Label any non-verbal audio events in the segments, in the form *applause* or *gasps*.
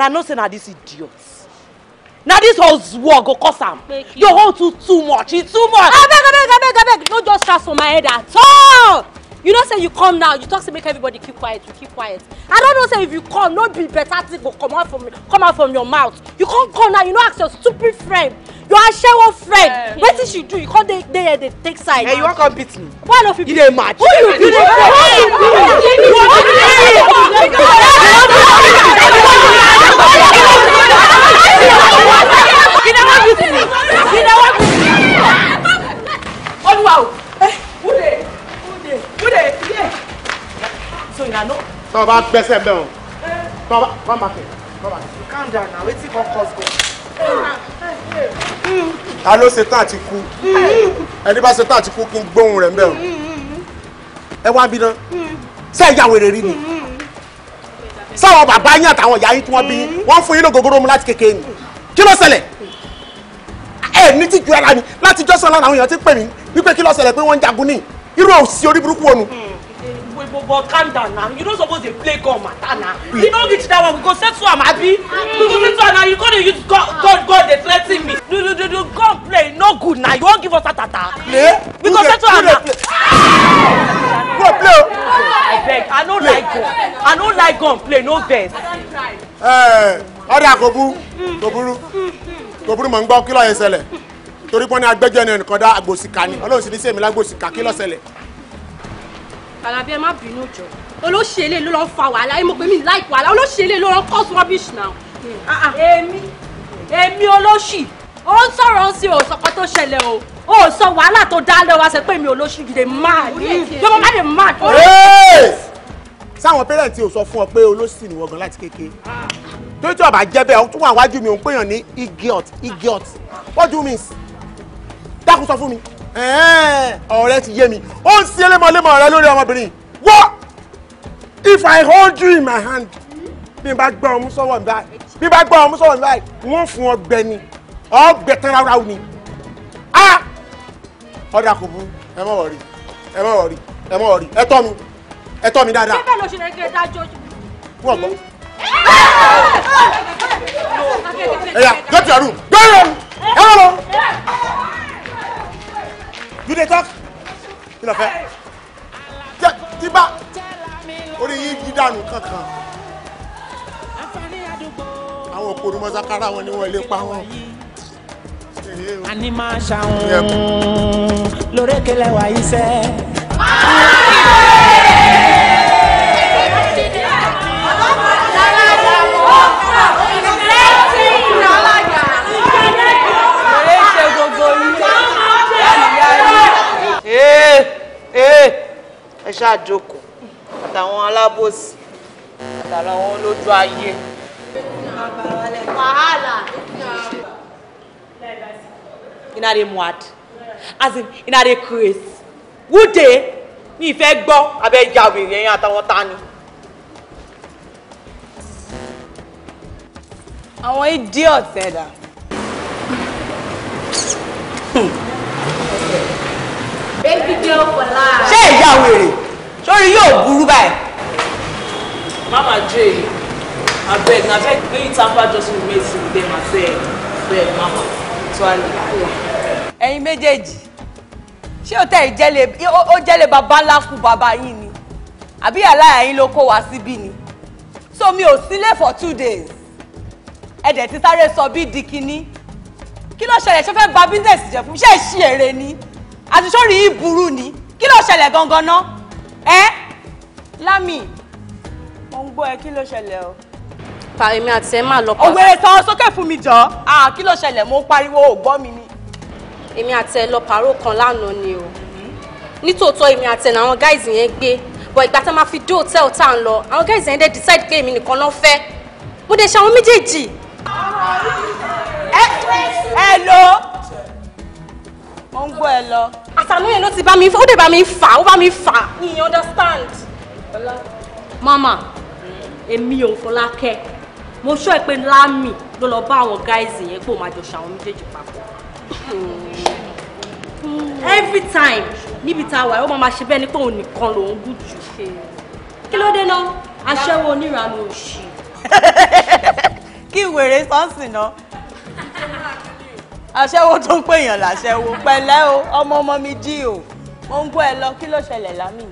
and i know say na this idiot na this whole war go cause am your own too too much e too much. abeg abeg abeg abeg no just shout for my head at all you know say you come now you talk say make everybody keep quiet you keep quiet i don know say if you come no be better thing go come out from come out from your mouth you come come now you no ask your stupid friend your ashewo friend yeah. wetin she do you come dey dey here dey take side. Hey, you wan come beat me. why no fit beat me. you dey mad. who you be. who you be. who you be. who you be tọ́ bá gbẹ́sẹ̀ bẹ́ẹ̀ o tọ́ bá má má kẹ́ tọ́ bá. calm down na wetin come cause go. ta ló ṣe tán àti kú ẹni bá ṣe tán àti kú kí n gbóhùn rẹ̀ ń bẹ̀ o ẹ wá bí náà ṣé ẹ yà wèrè rí ni sáwọn bàbá yín àtàwọn ìyá yín tí wọ́n bí yín mm. wọ́n fún yín ní ògógóró mu láti kékeré ni kí ló ṣẹlẹ̀ ẹ ní tìjú ara ni láti jọ́sán lánàá àwọn èèyàn ti pè mí wípé kí ló ṣẹlẹ̀ pé wọ́n ń jagun ní irú òsì orí burúkú wọnú but, but calm down now. You don't suppose to play God matter now. You don't reach that one. We go settle am abi. We go settle am now. You come dey use God, God, God dey threaten me. Do do do do. God play no good now. You wan give us heart attack. Play? We go settle am now. Go play. I beg. I no like God. I no like God play. No vex. Eh, ọ̀rẹ́ àkóbú kò burú kò burú mọ̀ ń gbọ́ kí lọ́ọ́ yẹn ṣẹlẹ̀ torí pọ́n ní agbẹ́jọ́ ẹni ẹnìkan dá àgbòsíkà ni ọlọ́run sì ní sèmi lágbòsíkà kí lọ́ọ́ ṣẹlẹ̀. Kàlàbí ẹ má bínú jọ. Olóṣèlé ló lọ fa wàhálà. Ẹ mọ̀ pé mi láìpẹ́ wàhálà. Olóṣèlé ló lọ cause rubbish now. Ah, ah. Èmi èmi olóṣì. Ó ń sọ̀rọ̀ ń sin òsọ̀kan tó ṣẹlẹ̀ o. Ó sọ wàhálà tó dá lọ́wọ́ sẹ pé mi olóṣì gidi máa ní. má lè máa tó. Sáwọn pẹ́rẹ́ǹtì ò sọ fún ọ pé olóṣì ni wọ́n gan láti kékeré. Ah. Tó tí ọba jẹ́ bẹ́ẹ̀, tún wà wájú mi, òun pèèyàn ní igiot, igiot. What do you mean? Dákun sọ fún mi ọ̀rẹ́ ti yé mi ó ń sí elémọ̀lémọ̀ rẹ lórí ọmọbìnrin wọ́ if i hold you in my hand bí n bá gbọ́ ọmú sọ́wọ́ mi báyìí bí n bá gbọ́ ọmú sọ́wọ́ mi báyìí wọ́n fún ọ gbẹ ni ọ gbẹ tán rárá ni a ọ̀dà kò burú ẹ mọ̀ wọ̀rí ẹ mọ̀ wọ̀rí ẹ mọ̀ wọ̀rí ẹ tọ́ mi ẹ tọ́ mi dáadáa. ṣé bẹ́ẹ̀ ló ṣe lè gé dájọ́ jù. fún ọgbọ́n. ẹ̀yà go to your room you dey talk kí ló fẹ́. jẹ tíba orí yìí di dànù kankan àwọn òpònú mọ́sákárà wọn ni wọ́n lè pa wọn. àní máa ṣàwọn lórí kẹlẹ́ wà yìí Eh! ẹ ṣáà jókòó àtàwọn alábòsí àtàwọn olójú ayé. wàhálà iná dey mad as in iná dey craze wúde ní ìfẹ́ gbọ́ abẹ́ ìjà wèrè ẹ̀yìn àtàwọn ta ni. àwọn idiot ẹ̀dá. Baby girl for life. Ṣé ìyá wèrè? Sórí yóò burú báyìí. Mama Jay, abeg na beg make you tamper just with me to dem abeg abeg mama tuale. Ẹ̀yin méjèèjì, ṣé o tẹ̀ ìjẹ́lẹ̀ bàbá ńlá fún bàbá yín ni? Àbí àláyà yín ló kó wá síbí ni? So mi ò sílé for two days. Ẹ̀dẹ̀ ti sáré sọ bí di kinní. Kí ló ṣẹlẹ̀ ṣe fẹ́ ba business jẹ́ fún mi? Ṣé ìṣí èrè ni? àti sórí yìí burú ni kí ló ṣẹlẹ̀ gangan ná ẹ lámì mo ń gbọ́ ẹ kí ló ṣẹlẹ̀ o. pàrẹ̀mí àti ẹ̀ máa lọ pa. òwèrè tán sókè fún mi jọ kí ló ṣẹlẹ̀ mo ń pariwo ò gbọ́ mi ni. èmi àti ẹ lọ pàrọ̀ kan lánàá ni o nítòótọ́ èmi àti ẹ̀ làwọn gáìsì yẹn gbé bọ̀ ìgbà tá a máa fi dé hòtẹ́ẹ̀lì tá à ń lọ àwọn gáìsì yẹn dẹ̀ decide pé èmi nìkan náà fẹ́ mo dẹ̀ ṣe àwọn méjèèjì. ẹ ẹ lo ó ń gbọ́ ẹ lọ. àtànú ló ti bá mi ó dé bá mi fà ó bá mi fà mi understand. mama èmi ò Fọlákẹ́ mo sọ ẹ pé láàmì ló lọ bá àwọn gáìsì yẹn pé ó máa jọ ṣàwọn méjèèjì papọ̀ every time níbi tá a wà ó máa ma ṣe bẹ́ẹ̀ ni pé òun nìkan lòún gùn jù kí ló dé náà aṣẹ́wó oníranú òṣì. *laughs* kí wèrè sọ́ọ̀sì náà aṣẹ́wó tó ń pèèyàn làṣẹ́wó pẹ̀lẹ́ o ọmọ ọmọ mi jí o mo ń gbọ́ ẹ lọ kí ló ṣẹlẹ̀ lámì.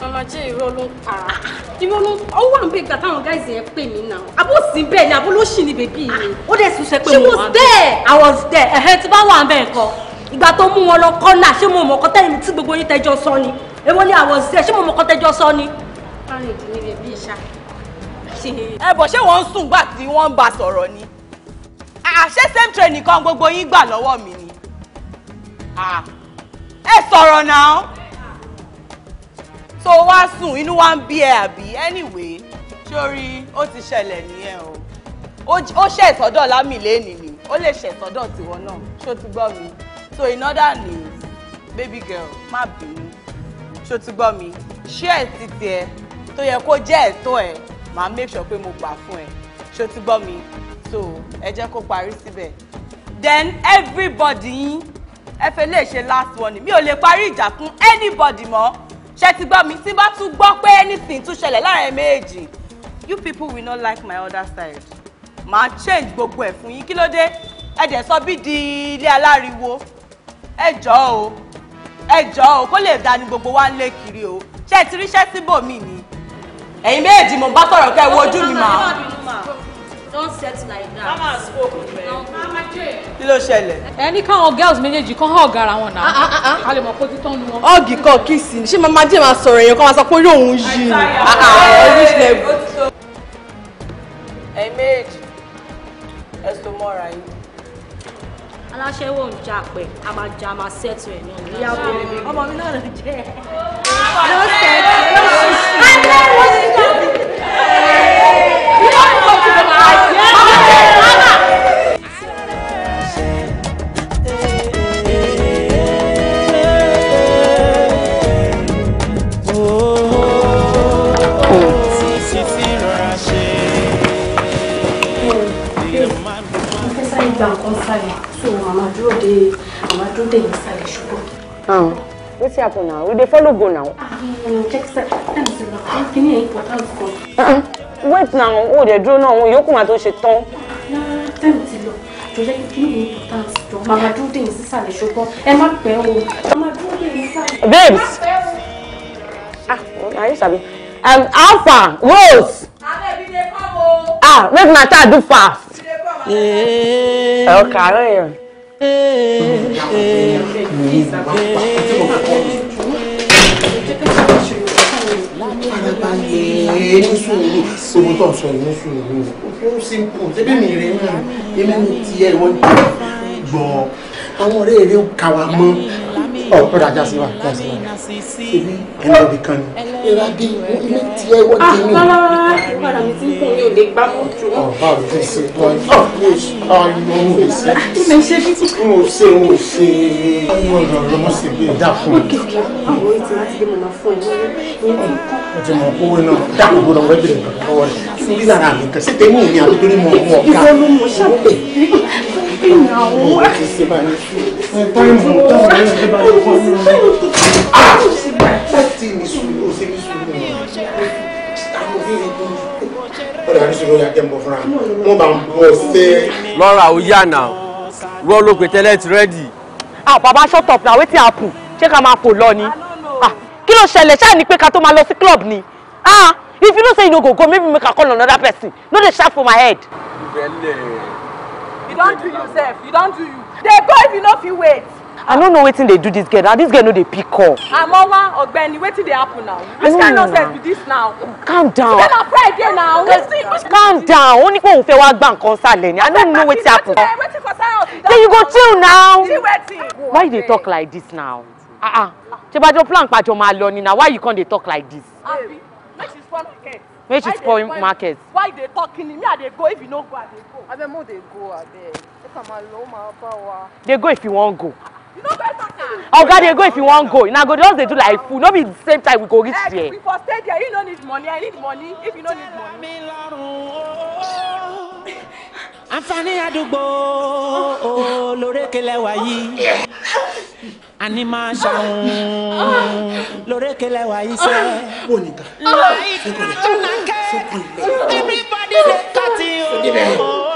mama jẹ́ irọ́ ló ń pa irọ́ ló ó wà ń bẹ ìgbà táwọn guys yẹn pè mí náà abó sí bẹ́ẹ̀ ni abó ló ṣì ní bèbí mi. Ah, ó dẹ̀ sùn ṣe pé mo wà bẹ́ẹ̀. she was there i was there ẹ̀hẹ́ tí bá wà ń bẹ̀ nǹkan ìgbà tó mú wọn lọ kọ́nà ṣé mo mọ̀ kọ́ tẹ́yìn tí gbogbo yín tẹjọ́ sọ ni èwo ni i was there ṣé mo mọ̀ kọ́ tẹjọ́ sọ ni. ẹ bọ̀ ṣé wọ́n ń sùn gbà tí wọ́n ń bá sọ̀rọ̀ ni àṣẹ same train nìkan gbogbo yín gbà lọ́wọ́ mi ni ẹ sọ̀rọ̀ náà tó wá sùn inú wa ń bí ẹ àbí anyway sórí ó ti ṣẹlẹ̀ nìyẹn o ó ṣe ìsọdọ̀ lámì lẹ́nìí ni ó lè ṣe ìsọdọ̀ tiwọn náà ṣó ti gbọ́ mi so another news baby girl má bínú ṣó ti gbọ́ mi ṣé ẹ̀ ti tiẹ̀ tó yẹ kó jẹ́ ẹ̀tọ́ ẹ̀ máa make sure pé mo gbà fún ẹ ṣó ti gbọ́ mi so ẹ jẹ́ kó parí síbẹ̀ then everybody yín ẹ fẹ́ lè ṣe last warning mi ò lè parí ìjà fún anybody mọ́ ṣe ti gbọ́ mi tí bá tún gbọ́ pé anything tún ṣẹlẹ̀ láàrin méjì you people will not like my other side màá change gbogbo ẹ̀ fún yín kí ló dé ẹ dẹ̀ sọ bí di ilé aláriwo ẹ jọ̀ọ́ o ẹ jọ̀ọ́ o kó lè dání gbogbo wa lé kiri o ṣe ti ríṣẹ́ síbòmí ni ẹ̀yin méjì mo bá sọ̀rọ̀ kẹ́ wojú mi mà don set like that. mama spoke rẹ. mama jẹ. kí ló ṣẹlẹ̀. ẹni káwọn girls méjèèjì kan hàn ọ̀gá ara wọn náà. Ah, ah, ah, a lè mọ kó ti tán nu wọn. ọ́ọ̀gì kan kìsì ṣé mama jẹ́ máa sọ̀rọ̀ èèyàn kan máa sọ pé orí òun yí ni. ẹ̀yin méjì ẹ so mọ́ra yìí aláṣẹ́wò ń jà pẹ̀ a máa jà máa ṣẹ́tù ẹ̀ náà. ìyàwó ọmọ mi náà ló jẹ́ ẹ̀. ló ṣẹ̀tù ló ṣì gba nǹkan sálẹ̀ so màmá dúró dé màmá dé yín ṣùgbọ́n. ọ̀hún wetin happen now we dey follow go now. Ah, uh-uh. wait now o dey dúró náà òun yòókù máa tó ṣe tán. Ah, time ti lọ jọjọ kí ni important jọ màmá dé yín ṣùgbọ́n ẹ má pẹ́ o màmá dé yín babes ah are you sabi um, how far wait. abeg dey come o. ah make matter do fast. Eh. ẹ kàárọ̀ yẹn. Parabalẹ̀ Àwọn ọ̀rẹ́ èrè kà wá mọ́ ọ̀pọ̀ ìrajà wa. Ṣébí ẹnu ibì kan ti ẹ wọ́n ti ah, mí. ọ̀rọ̀ mi ti ń kún mi ò lè gbá mọ́tò. ọ̀bá ah, mi ti ṣe tán ní ọ̀hún ọ̀hún ìṣe. kí ni ṣe bí tí. n ò ṣe n ò ṣe ah, ọmọ ọ̀rọ̀ mo sì gbé dà fún mi. òkè òkè àwọn ètò láti gbé mọ̀nà fún ẹ mo ti mọ owó náà dáàbò gbọdọ̀ wọ́n bẹ̀rẹ̀ lọ́wọ́ rẹ̀ nígbà náà mi kàn sí tèmi ò ní àdúgbò ní mọ̀ ọ́n ọ̀gá. ìwọ ló mọ ṣàpè ìnáwó. mo ti ṣe báyìí ẹ táyì mọ̀ táwọn ọ̀rẹ́ mi bá yẹ kọ́ nínú mi. a ti ní sùúrù ó ṣe ní sùúrù náà. Laura, we are now. kẹ́ ń bọ̀ fúnra wọn bá ń ah Papa, shut up Now, wetin happen Check ká máa fò lọ ah kilo shell. ṣẹlẹ̀ ṣáà ni pé ká tó máa lọ club ni ah if you don't say you no go go maybe make i call another person no dey shout for my head. you don't do yourself you don't do you dey go if you no fit wait i don't know wetin They do this girl Now this girl know they pick up. I'm over. amowa ọ̀gbẹ́ni wetin they happen now which hmm. kind nonsense be this now. calm down ṣe na friday na now. calm down ó ní pé òun fẹ́ wá gbà nǹkan sálẹ̀ ni i don't know what's happening. wetin concern us. then you go chill now. why they talk like this now. ah ah ṣe bá jọ plan pàjọ máa lọ ni na why you come they talk like this. abi make she spoil market. make she spoil market. why they dey talk me i They go if you no go They go. abeg go i ma lo ma ba wa. dey go if you wan go oga dey go if you wan go una go just dey do like fool no be the same time we go reach there. we for stay there you no need money i need money if you no need money. àǹfààní àdúgbò lórékelẹ̀ wáyé àní máa ṣàwọn lórékelẹ̀ wáyé sẹ́. monica ṣe kò lè ṣe kò lè. everybody dey cut it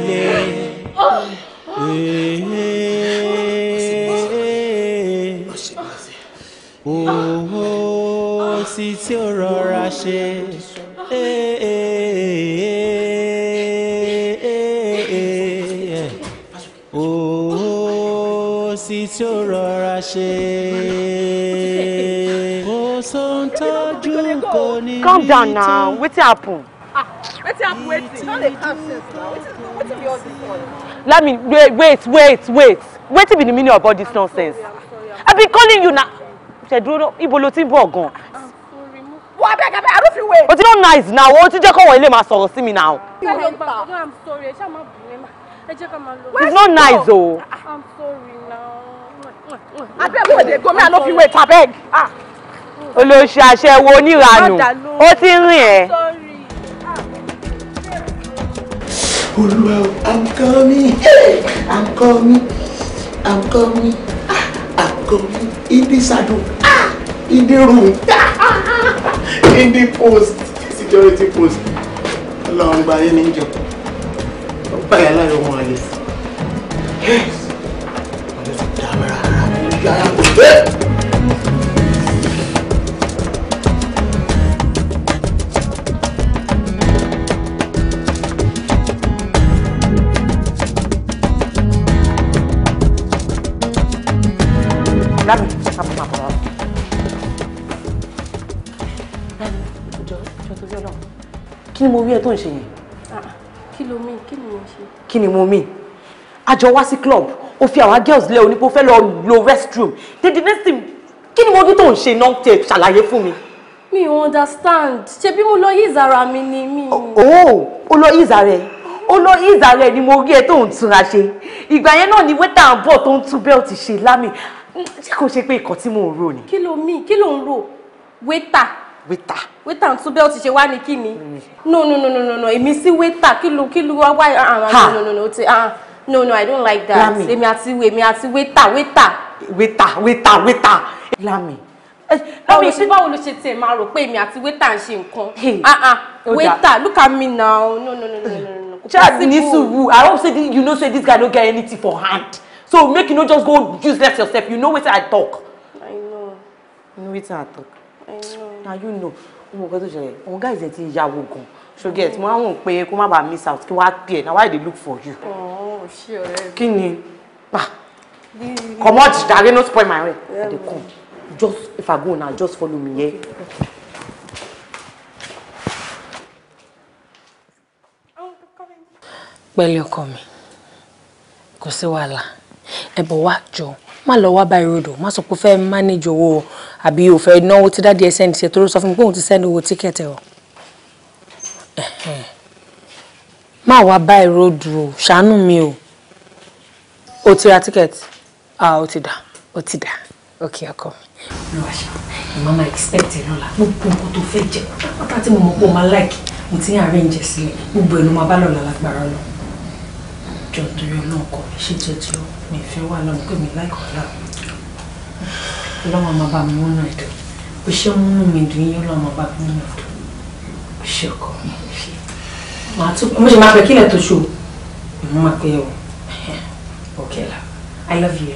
owó sí tí ó rọra ṣe owó sí tí ó rọra ṣe ó sọ ń tọ́jú kò ní ní tó. calm down now wetin happen. ah wetin happen wetin. no dey calm sense na wetin wetin be all this one let me wait wait wait wait wetin be the meaning of all this nonsense i been calling you now. ṣèdúró ibo ló ti ń bọ̀ gan. wọ abeg abeg i no fit wait. o ti no nice now o ti jẹ́ kọ́wọ́ ilé máa sọ̀rọ̀ sí mi now. it's not nice o. abeg wey dey go me i no fit wait abeg. Ah. olóṣì aṣẹ́wó oníranù ó ti ń rìn ẹ́. olúwa i'm coming i'm coming i'm coming i'm coming in the shadow in the room in the post security post ọlọ́run gba ayé níjọ ó báyà láyọ̀ wọn ayé ọlọ́run ti dá mẹ́ra ara mi yára. kí ni mo rí ẹ tó ń ṣe yẹn. Ah, kí ló mean kí ni mo ṣe. kí ni mo mean a jọ wá sí club o fi àwọn girls lẹ onípo fẹ́ lọ lo restroom dédé next time, kí ni mo rí tó ń ṣe náà tẹ ṣàlàyé fún mi. mi ò understand ṣebí mo lọ yí ìzara mi ni mi. Oh, o lọ yí ìzara ẹ ó lọ ìzà rẹ ni mo rí ẹ tó ń túnra ṣe ìgbà yẹn náà ni wẹ́tà ń bọ̀ tó ń tún bẹ́ẹ̀tì ṣe lámì ṣé kò ṣe pé ìkọ́ tí mò ń rò ni. kí ló mí kí ló ń rò wẹ́tà wíta. wíta tún bẹ́ẹ̀ ó ti ṣe wá ní kí ni no no no no no èmi sí wíta kí ló kí ló wá no no no no Ah, no no i don't like that èmi àti èmi àti wíta wíta. wíta wíta wíta. lami. lami ṣé báwo ló ṣe tiẹ̀ máa rò pé èmi àti wíta ń ṣe nǹkan wíta look at me now no no no no no. chad nisubu i hope say you know say this guy no get anything for hand so make you no just go useless yourself you know wetin i talk. i know. you know wetin i talk. i know na you know ọmọ nǹkan tó ṣẹlẹ̀ àwọn guys ẹ̀ ti ń yàwó gan so get mo àwọn pé kó má bàa miss out kí wàá pè na why they look for you. Oh, oh ṣé ọ̀rẹ́ mi. kí ni pa ah, comot jare no spoil my way They come just if i go now just follow me here. Yeah? pẹ̀lú ọkọ mi kò sí wàhálà ẹ̀bùn wá jọ má lọ wá báyìí rodò má sọ pé o fẹ́ manage owó àbí o fẹ́ náwó tí dáàdi ẹ sẹ́ni ṣe tó ló sọ fún mi pé òun ti sẹ́ni owó tíkẹ́ẹ̀tì o má wá báyìí rodò o ṣàánú mi o o ti ra tíkẹ́ẹ̀tì ah o ti dà o ti dà ok ọkọ mi. lọ àṣà mama expect ẹ lọ́la gbogbo nǹkan tó fẹ́ jẹ pátá tí mo mọ̀ pé o máa like mo ti ń arrange sílẹ̀ gbogbo ẹ̀ ló máa bá lọ́la lágbára lọ jọ̀ọ́ torí ọlọ́ọ̀kọ́ ṣètò ètò ọ̀hún mi fẹ́ wà lọ́nà pé mi láìkọ̀ láàbù ọlọ́run ọmọ bá mi múnú ẹ̀dùn bó ṣe múnú mi dùn yín ọlọ́run ọmọ bá mi múnú ẹ̀dùn bó ṣe ọkọ mi ṣe màá tún mo ṣe máa fẹ́ kílẹ̀ tó ṣù mo máa pẹ́ o okay la I love you.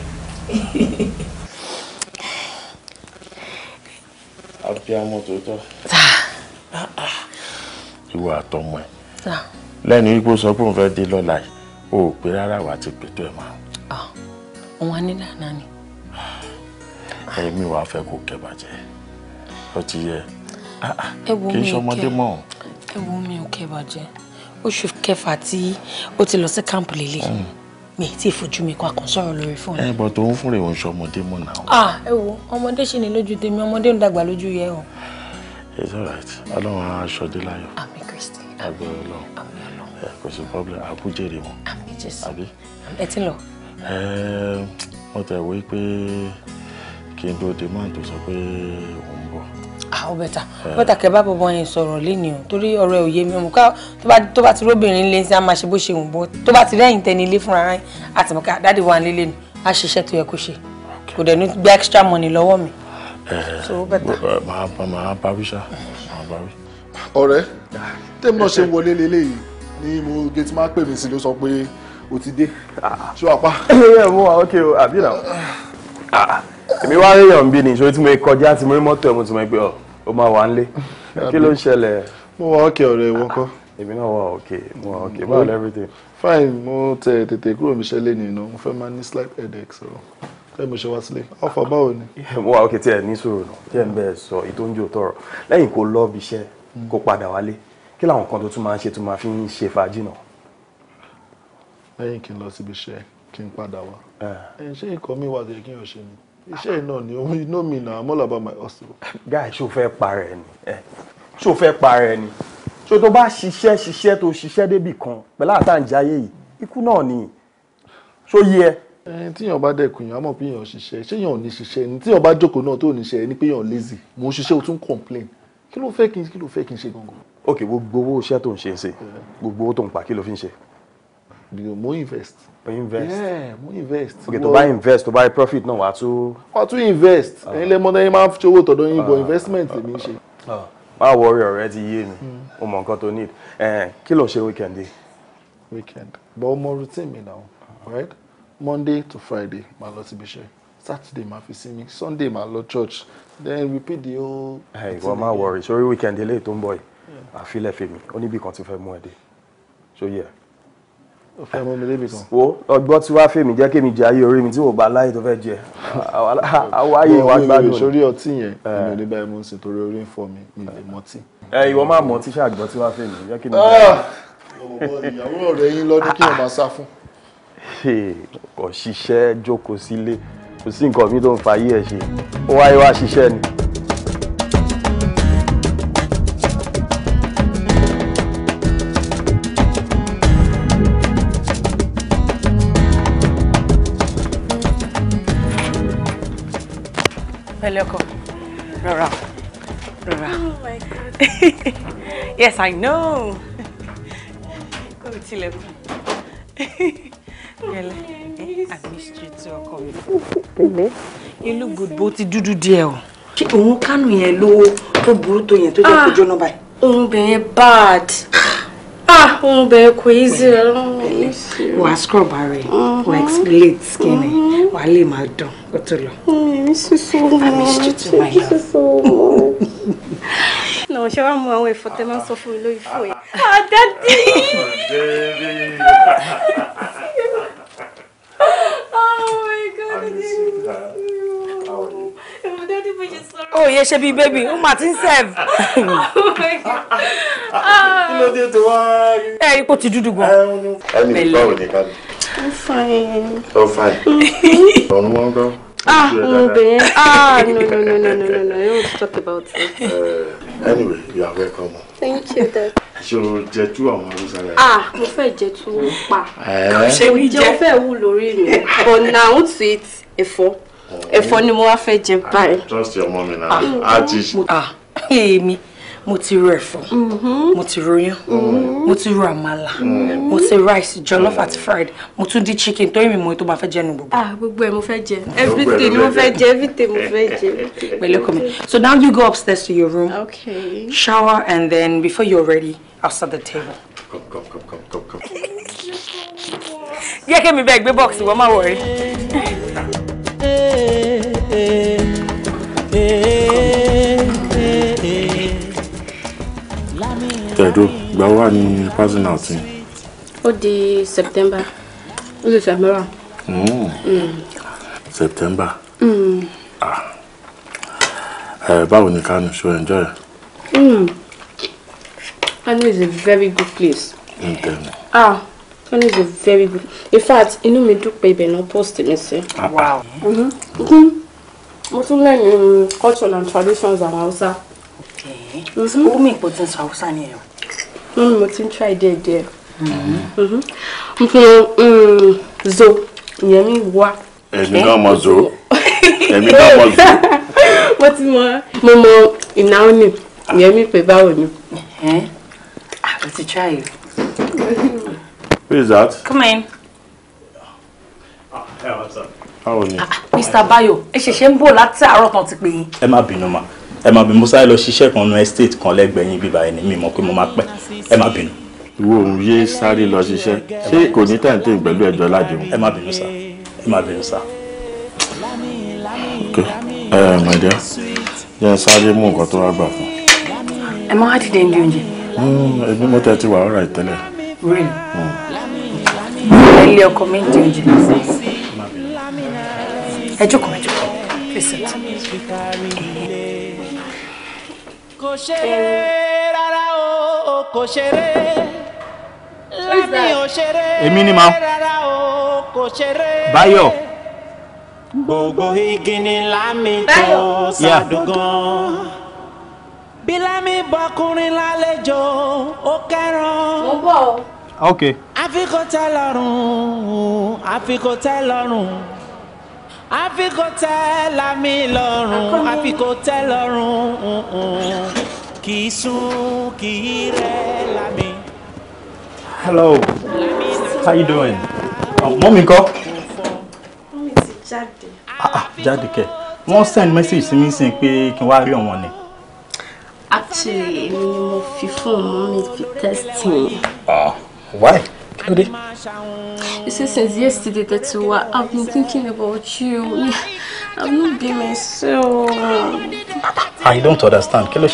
abiamọ tòótọ́ ìwọ àtọmọ ẹ lẹ́nu igbó sọ pé òun fẹ́ dé lọ́la yìí o ò pé rárá wà ti pètò ẹ̀ máa òun á ní lànà ni. ẹ̀mí wàá fẹ́ kó kẹ́ bàjẹ́ ó ti yẹ ah, ah, kì í ṣọmọdé mọ́. ẹ wo mi ò kẹ́ bàjẹ́ oṣù kẹfà tí ó ti lọ sí camp lélẹ̀ hmm. mi ti fojú mi kọ àkànṣọ́rọ̀ lórí fóònù. ẹ bọ̀ tó ń fún rè òun ṣọmọdé mọ́ náà. ah ẹ wo ọmọdé ṣì ní lójú tèmi ọmọdé ń dàgbà lójú yẹ o. it's alright ọlọ́run á ṣọdé láyọ̀. àmín kristi àgbẹ̀ ọlọ́run àmín ọlọ́run eh, kò sí problem àbújẹ̀rẹ̀ wọn. àmín jésù àbí. ẹ ti lọ. Eh, mo tẹ̀ wí pé kí n tó dé máa tó sọ pé òun bọ̀. Ah, ó bẹ̀tà eh. ó bẹ̀tà kẹ́ bá bọ̀bọ̀ yẹn sọ̀rọ̀ lénìí o torí ọ̀rọ̀ òye mi ọmọ ká tó bá ti róbìnrin lé sí a máa ṣe bó ṣe wù bọ́ tó bá ti rẹ́yìn tẹni ilé fúnra rẹ̀ àtìmọ́ká dáàdì wà nílé ni a ṣiṣẹ́ tó yẹ kó ṣe kò dẹ̀ ní gbé extra money lọ́wọ́ mi. Eh, so ó bẹ̀tà. màá bá wí ṣá màá bá wí. ọ̀rẹ́ tẹ́mi náà ṣe wọlé lélẹ́yìí ni mo gé tí máa pè mí o ti dé ṣó apá. ẹ mú wa ókè o àbí nà ah, èmi wá ríyàn bí ni ìṣòro tí mo kọjá tí mo rí mọ́tò ẹ̀ mo ti mọ̀ pé oh, ó máa wà nílé kí ló ń ṣẹlẹ̀. mo wà ókè ọ̀rẹ́ ìwọ kọ́. Ah, èmi náà wà ókè mo wà ókè báwo everything. fine mo tẹ tètè kúrò mi ṣẹlẹ̀ nínú mo fẹ́ máa ní slight headache so bẹ́ẹ̀ mo ṣe wá sílé ọ̀fọ̀ báwo ni. mo wà ókè tí ẹ ní sòrò náà tí ẹ ń bẹ́ẹ̀ sọ èyí tó ń jò tọrọ lẹ́yìn kó lọ́ọ́ bí iṣẹ́ kó padà wálé kí làwọn kan tó tún máa ń ṣe tó máa fi ń ṣe fàájì náà lẹ́yìn kí n lọ síbi iṣẹ́ kí n padà wá ah. ẹ ṣé ikọ̀ mi wà tẹ̀ kí n ò ṣe ni iṣẹ́ náà ni omi iná mi náà I'm all about my hustle. guy ṣó fẹ́ parẹ́ ni eh, ṣó fẹ́ parẹ́ ni ṣó tó bá ṣiṣẹ́ ṣiṣẹ́ tó ṣiṣẹ́ débì kan pẹ̀lú àtàǹjáyé yìí ikú náà ni ṣó yẹ ẹni tíyàn bá dẹkùn yàn á mọ̀ pé yàn ṣiṣẹ́ ṣé yàn ò ní ṣiṣẹ́ ni tíyàn bá jókòó náà tó níṣẹ́ ni pé yàn lazy mo ṣiṣẹ́ o tún complain kí ló fẹ́ kí n kí ló fẹ́ kí n ṣe gangan. ok gbogbo owó iṣẹ́ tó ń ṣe ń ṣe gbogbo owó tó ń pa kí ló fi ń ṣe mo invest. o invest yeah mo invest. ok tó bá invest to buy profit náà wàá tún. wàá tún invest ah. ẹ̀yin lẹ́mọ́ náà yín máa ń fi owó tọ̀dọ̀ yín bọ̀ ah. investment lèmi ń ṣe. Ah. má wọrí ọ̀rẹ́ ti yé mi hmm. o mọ nǹkan tó need kí ló ṣe weekend yìí. weekend but mo routine mi now right monday to friday máa lọ síbi iṣẹ́ saturday máa fi sinmi sunday máa lọ church then repeat the whole. ẹ ìwọ má wọrí sórí weekend eléyìí tó ń bọ̀ yìí àfilẹ̀ fèmí ó níbi kan ti fẹ́ mú ẹ dé ṣó yẹ. Yeah ó fẹ́ mú mi débi kan. wo ọgbọ́n tí wàá fèmí jẹ́ kémi jẹ ayé orí mi tí wò bá láyé tó fẹ́ jẹ àwọn ayé wa gbádùn. sórí ọtí yẹn eh. èmi ò ní báyìí mo ń sin torí orí ń fọ mi mi lè mọtí. ẹ eh, ìwọ máa mọ tíṣà àgbọn tí wàá fèmí jẹ́ kémi jẹ. Ah! ìyàwó rẹ yín lọ́dún kí wọ́n máa sá fún. kò ṣiṣẹ́ jókòó sílé kò sí nǹkan mi tó ń fa ayé ẹ̀ ṣe ó wáyé wá ṣiṣẹ́ ni. pẹ̀lẹ́kọ rọra rọra oh *laughs* yes i know kò tilẹ̀kùn yẹlẹ administrator oh, eh, ọkọ mi pẹ̀lẹ́ ìlú gbogbo ti dúdú díẹ̀ o. ṣé òun kánú yẹn ló tó burú tó yẹn tó jẹ́ ah, bad. Ó bẹ kò easy rárá. Wà scrub rẹ̀, wà exfoliate skin ẹ̀, mm-hmm. wà lè máa dán kó tó lọ. Mi sì so much. I miss you too, my love. so much. *laughs* No, ṣé wàá mú àwọn ẹ̀fọ́ tẹ́ máa ń sọ fún mi ah, *laughs* Oh, fún daddy! *laughs* Oh my God! I miss you. Oh yẹ ṣe bíi bébì ó mà ti ń serve. Oh, my God. tó wá. ẹ ipò ti dúdú gan. ẹni báwo ni ká lè. ó fàyè. ó fàyè. ọ̀run wọn gbọ́. ah mo ah no no no no no no no I want to talk about it. Uh, *laughs* anyway you are welcome. thank you dad. ṣé o jẹ tú àwọn arúgbó ah mo fẹ́ jẹ tú pa. Eh? ṣé o jẹ o fẹ́ wù lórí mi but now sweet, eat ẹ̀fọ́ ẹ̀fọ́ ni mo wá fẹ́ jẹ báyìí. Ah, trust your mommy na Ah, èmi ah, ah, mo ti ro ẹ̀fọ́ mm-hmm. mo ti ro yán mm-hmm. mo ti ro àmàlà mm-hmm. mo ti rice jollof àti fried mo tún di chicken torí mi mo tó máa fẹ́ jẹ nu gbogbo. ah gbogbo ẹ mo fẹ́ jẹ everything mo fẹ́ jẹ everything mo fẹ́ jẹ. pẹ̀lú ọkọ mi so now you go upstairs to your room okay. shower and then before you're ready I'll set the table. come come come come come. yẹ kí mi bẹ́ẹ̀ gbé bọ́ọ̀sì wọ́n máa worry tẹ̀dó ìgbà wà ní passing out yìí. ó di september oṣù mìíràn. september. Hmm. Hmm. Hmm. Ah. Eh, báwo ni kánú ṣe enjoy. Mm. Kanu is a very good place. Mm. Ah. Tony is a very good. In fact, inú mi dùn pé ibẹ̀ náà post mi sí. Wow. Mm-hmm. Mo tún lẹ́yìn um, culture and traditions àwọn Hausa. Mm-hmm. Ó mì kò tí ń sọ Hausa ni ẹ̀rọ. Mm, mo ti ń try díẹ̀ díẹ̀. Mm-hmm. Mo tún um, zo ìyẹn mi wá. Èmi náà mọ zo. Èmi náà mọ zo. *laughs* Mo ti mọ mo mọ ìnáwó ni ìyẹn mi pè báwo ni. Ẹ ẹ́ àti try. Who's Come in. Hey, ah, what's ah, ah, Mr. Bayo, ẹ ṣẹ̀ṣẹ̀ ń bọ̀ láti àárọ̀ tán ti pè yín. Ẹ má bínú mà. Ẹ má bínú mo sáré lọ ṣiṣẹ́ kan ní estate kan lẹ́gbẹ̀ẹ́ yín bíbá ẹni mi mọ̀ pé mo máa pẹ́. Ẹ má bínú. Ìwọ òun yé sáré lọ ṣiṣẹ́. Ṣé kò ní tẹ̀ǹtẹ̀ pẹ̀lú ẹjọ́ ládìmú? Ẹ má bínú sá. Ẹ má bínú sá. Ok, ẹ my dear, jẹ́ sáré mú nǹkan tó wá gbà fún. Ẹ má wá dìde ní oúnjẹ. Ẹbí hmm, mo tẹ́ ti wà ọ̀rọ̀ ìtẹ́lẹ̀. Really? Hmm ilé ọkọ mi ń di oúnjẹ. ẹ jókòó ẹ jókòó fèsì ọtí. kò ṣeré rárá o kò ṣeré lámì ò ṣeré èmi ni màá báyọ̀. gbogbo igi ni lámì tó sàdúgán. bí lámì bọkùnrin lálejò ó kẹràn. mo bọ̀ ọ́ ok. àfikọ́tẹ́ lọ́rùn àfikọ́tẹ́ lọ́rùn àfikọ́tẹ́ lami lọ́rùn àfikọ́tẹ́ lọ́rùn kì í sùn kì í rẹ̀ lami. hello how you doing oh, mọ́mí ńkọ́. mọ́mí jáde. ah, ah jáde kẹ wọ́n send message sí mi sìn pé kí n wá rí ọ̀wọ́n ni actually èmi ni mo fi fún mọ́mí fi testing. ah Why? Today? You see, since yesterday that you uh, were, I've been thinking about you. *laughs* I've not been myself. I don't understand. Kí ló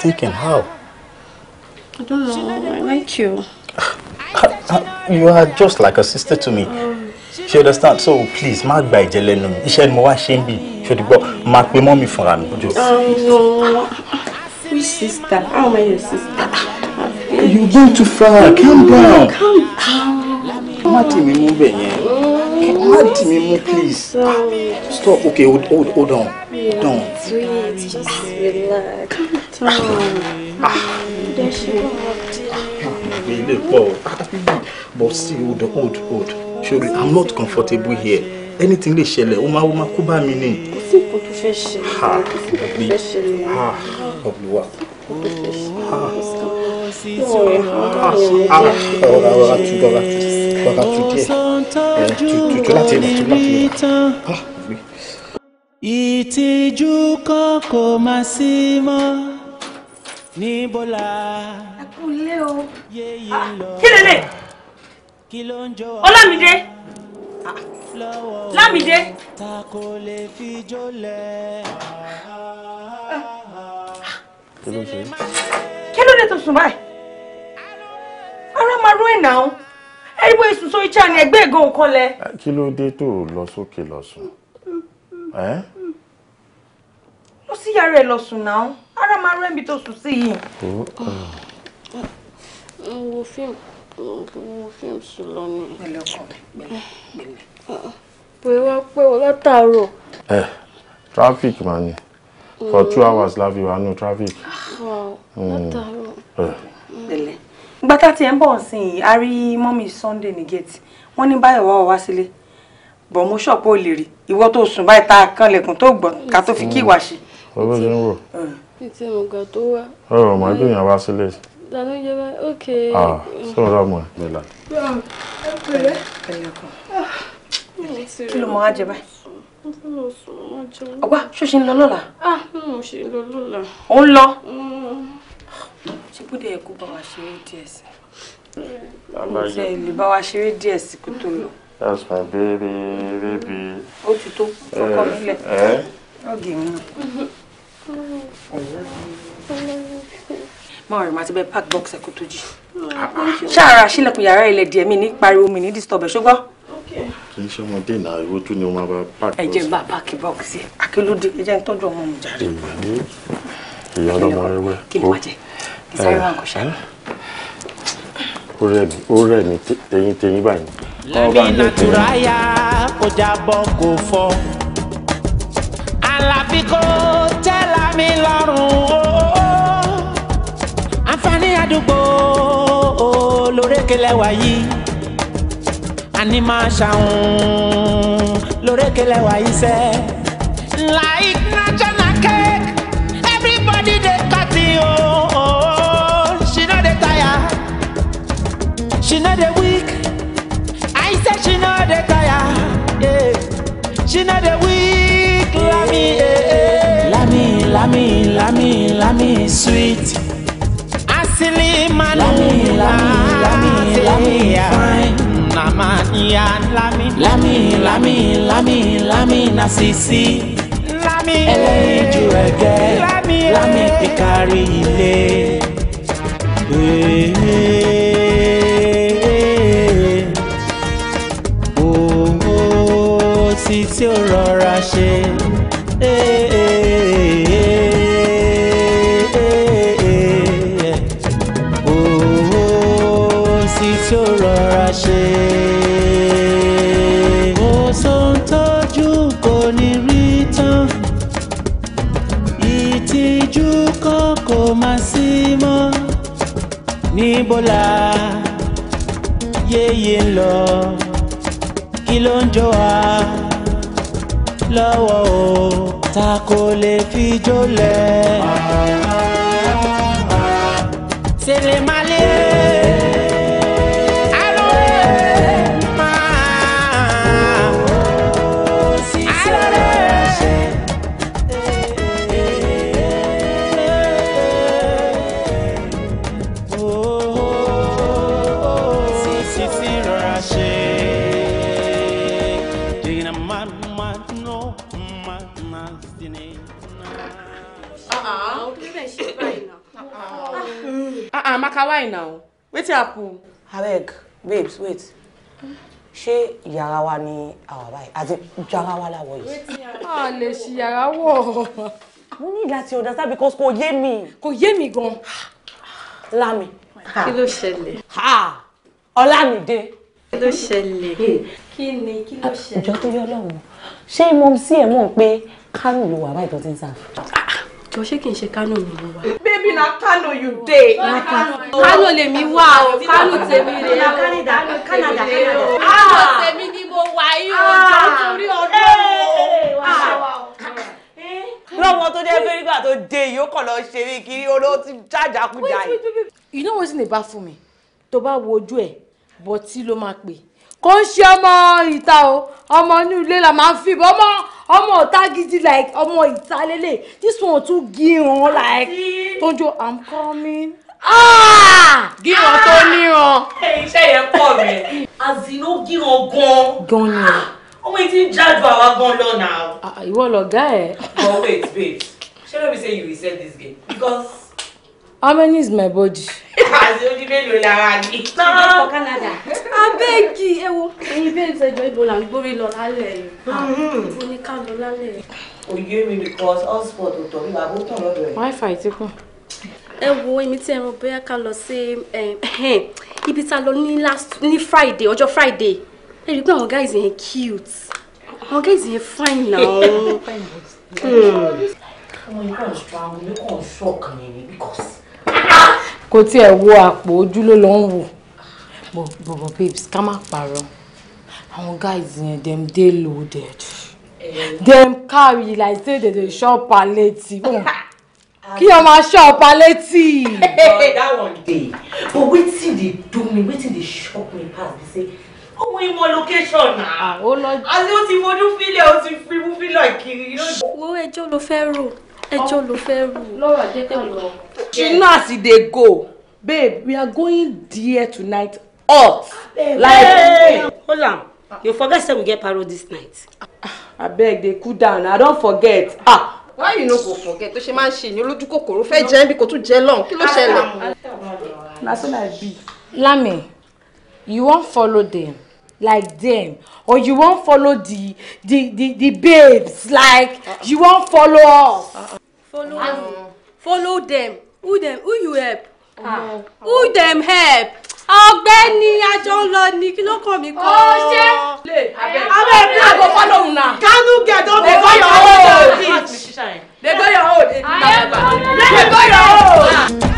Thinking how? I don't know. I like you. *laughs* You are just like a sister to me. Um, She understand. So please, mark by ẹ̀jẹ̀ lẹ́nu mi. Iṣẹ́ ni go. Mark ṣe mommy for Ṣé Oh No, which sister? How am I your sister? you going too far no, calm down. calm down. má tì mí mú bẹ̀ yẹn má please stop okay hold hold hold on hold on. sweet just relax calm down. Ah. Ah, mi lè pọ̀ but see, hold hold hold sorry i'm not comfortable here anything lè ṣẹlẹ̀ ó máa ó máa kó bá mi ní. kò sí nǹkan tó fẹ́ ṣẹlẹ̀ kò sí nǹkan tó fẹ́ ṣẹlẹ̀. ọ̀gbìn wa sí tí ó lọ ọ̀rọ̀ ọ̀rọ̀ àtúntò ọ̀rọ̀ àtúntò ọ̀rọ̀ àtúntò díẹ̀ tútù láti ilẹ̀ tútù láti ilẹ̀. ìtìjú kan kò má sí mọ́ níbo la yeye ah, lọ kí lélẹ̀ Ọlámídé ah, Lámídé. ta kò lè fi jólẹ̀ ah, kí ló dé tó sùn báyìí ara máa ró ẹ̀ náà ẹ̀rí bóyá sùn sórí chair ni ẹgbẹ́ ẹ̀gàn kan lẹ. kí ló dé tó lọ sókè lọ sùn ẹ́. lọ sí yàrá ẹ lọ sùn náà ara máa ró ẹ̀mí tó sùn sí yìí. mo wo fíìmù mo fíìmù sùn lọ pé wá pé wọ́n látàárọ̀. ẹ traffic máa ní for two hours la fi wà nù traffic. Ah, hmm. látàárọ̀. pẹ̀lẹ́ ìgbà tá ti ẹ̀ ń bọ̀ sìn yìí a rí mọ́mí Sunday ní gẹ̀ẹ́tì wọ́n ní báyọ̀ wá wá sílé bọ̀ mo ṣọ̀pọ̀ ò lè rí ìwọ tó sùn báyìí tá a kan lẹ̀kùn tó gbọ̀n ká tó fi kí ìwà ṣe. Mm. ọlọ́run ló ń wò. títí mo gbà tó wá. ọ̀rọ̀ ọmọ ẹgbẹ́ yẹn wá sílé. ìdáná jẹ́ báyìí ok. sọ̀rọ̀ rà mọ́ ẹ. kí ló mọ wá jẹ báyìí. ọgbà ṣó ah, ṣe ń lọ lọ́la. ó ń lọ. Mm ṣé kó dé ẹ̀kú bá wa ṣeré díẹ̀ sí i ṣe lè bá wa ṣeré díẹ̀ sí kó tó lọ. that's my baby baby. ó ti tó ọkọ mi lẹ eh, eh? ọgì mi mọ rẹ màá ti bẹ pack box ẹ kó tó jí ṣáàrà sílẹ̀kùn yàrá ilẹ̀ díẹ̀ mi ní pariwo mi ní disturb ẹ ṣùgbọ́n kì í ṣọmọdé náà ìwọ tún ni wọn bá pàkì. ẹ jẹ́ bá pàkì bọ́ọ̀sì akélódé ẹ jẹ́ ń tọ́jú ọmọ mi jàre. ìyá ọlọmọ rẹ wẹ kí ni wàá jẹ sáré wà nǹkan ṣáná. ó rẹ̀ mí ó rẹ̀ mí tẹ̀yìn tẹ̀yìn báyìí. lẹ́mí nàtúráyà kò jábọ́ kò fọ́ àlàfi kò tẹ́lá mi lọ́rùn o àǹfààní àdúgbò lórékelẹ̀ wáyé àní máa ṣàwọn lórékelẹ̀ wáyé sẹ́ láì she no dey weak i said she no dey tire yeah. she no dey weak lami eh, lami lami lami lami sweet I silly man. lami lami lami lami fine namania lami lami lami lami lami na sisi lami ẹlẹ́yinjú ẹ̀gẹ́ lami lami, ilé. Hey, hey. tí ó rọra ṣe. Òsì tí ó rọra ṣe. Oṣó ń tọ́jú kò ní rí tán. Ìtìjú kan kò máa ń lọ? Kí ló ń jọ wá? lọ́wọ́ o ta kò lè fi jólẹ̀. Sèlè máa lé. why now wetin happen. abeg babes wait ṣé yàrá wa ni àwa báyìí àti yàrá wa làwọ yìí. a lè ṣì yàrá wọ̀. mo ní láti understand because kò yé mi. kò yé mi gan. lámì. kí ló ṣẹlẹ̀. ọlámìdé. kí ló ṣẹlẹ̀. kí ni kí ló ah, ṣẹlẹ̀. àjọ tó yọ lọ́wọ́ ṣé mọ́mísí ẹ̀ mọ̀ pé kánò ló wà báyìí tó ti ń sá jọ ṣé kì í ṣe kánò mi wá. baby na kánò you dey. kánò lèmi wá o kánò tèmi rè o kánò tèmi rè o ah! kánò tèmi ni mo wà yí o ah! jọ torí ọdún lọ́wọ́ ah! eh? tó jẹ́ fẹ́rí tó dé yìí kàn lọ ṣeré kiri olówó ti jájà kú jà you know wetin dey bad for me tó bá wo ojú ẹ bọtí ló máa pè kó ń ṣe ọmọ ìta o ọmọ inú ilé la máa ń fi bọ́ mọ́ ọmọ ọ̀tá gidi like ọmọ ìta lélẹ̀ this one tún gíran like tó ń i'm coming. Ah! gíran tó ah! níran. iṣẹ́ yẹn pọ̀ rẹ̀ azino gíran gan-an. gan-an ni. Ah! ọmọ yìí ti ń jáde àwa gan lọ́nà. ìwọ lọ̀gá ẹ̀. but wait wait ṣé lóbi say you reset this game because how many is my body. àti ojú mélòó la wà ní. ṣe for Canada. abẹ́ẹ̀kì ẹ wo ẹ̀yin bẹ́ẹ̀ ṣẹjọ́ ìbò là ń gbórí lọ lálẹ́ yìí. mo hmm. ní because hotspot ò tọ̀ nígbà tó tàn lọ́dọ̀ ẹ̀. wifi ti kù. ẹ wo èmi tí ẹran bóyá ká lọ sí eh, eh, ibi tá a lọ ní last ní Friday ọjọ́ Friday ẹ rí i pé àwọn guys yẹn cute àwọn guys yẹn fine na. *laughs* Hmm. ọmọ yìí kàn ń sọ àwọn yìí kàn ń ọkàn yẹn ni because kò tiẹ̀ wo àpò ojú ló lọ ń wò bọ̀bọ̀ babes ká má parọ́ àwọn guys yẹn dem dey loaded dem carry like say dem dey shop paleti kí ọmọ shop paleti. but that one dey but wetin dey do me wetin dey shock me pass be say ọmọ ìmọ̀ location náà àti ah, ó ti fojú fílẹ̀ ó ti fi mú fílẹ̀ kiri. wo ẹjọ́ ló fẹ́ rò ẹjọ́ ló fẹ́ rù. lọ́rọ̀ jẹ́ ká lọ. chinas dey go babe we are going there tonight hot like. hold on you forget say we get paro this night. Ah, abeg dey cool down i don forget. ah why you no go forget To ṣe máa ń ṣe ní olójú kòkòrò fẹ́ jẹ́ níbi kò tún jẹ́ lọ́hùn kí ló ṣẹlẹ̀. na so na be. lami you wan follow dem like them, or you wan follow the the the the babes like uh -uh. you wan follow us. Uh -uh. follow uh -uh. follow them. who them? who you help uh ah. -huh. who them help ọ̀gbẹ́ni ajọ ń lọ ni kí ló kàn mí kọ. ọ ṣe lè abẹ ẹ fún àgọ fọlọ òun náà. kánú gẹ̀dọ̀ bí wọ́n yọ ọ́ ọ́ bí. lè gbọ́ yọ ọ́ ọ́ bí. lè gbọ́ yọ ọ́ ọ́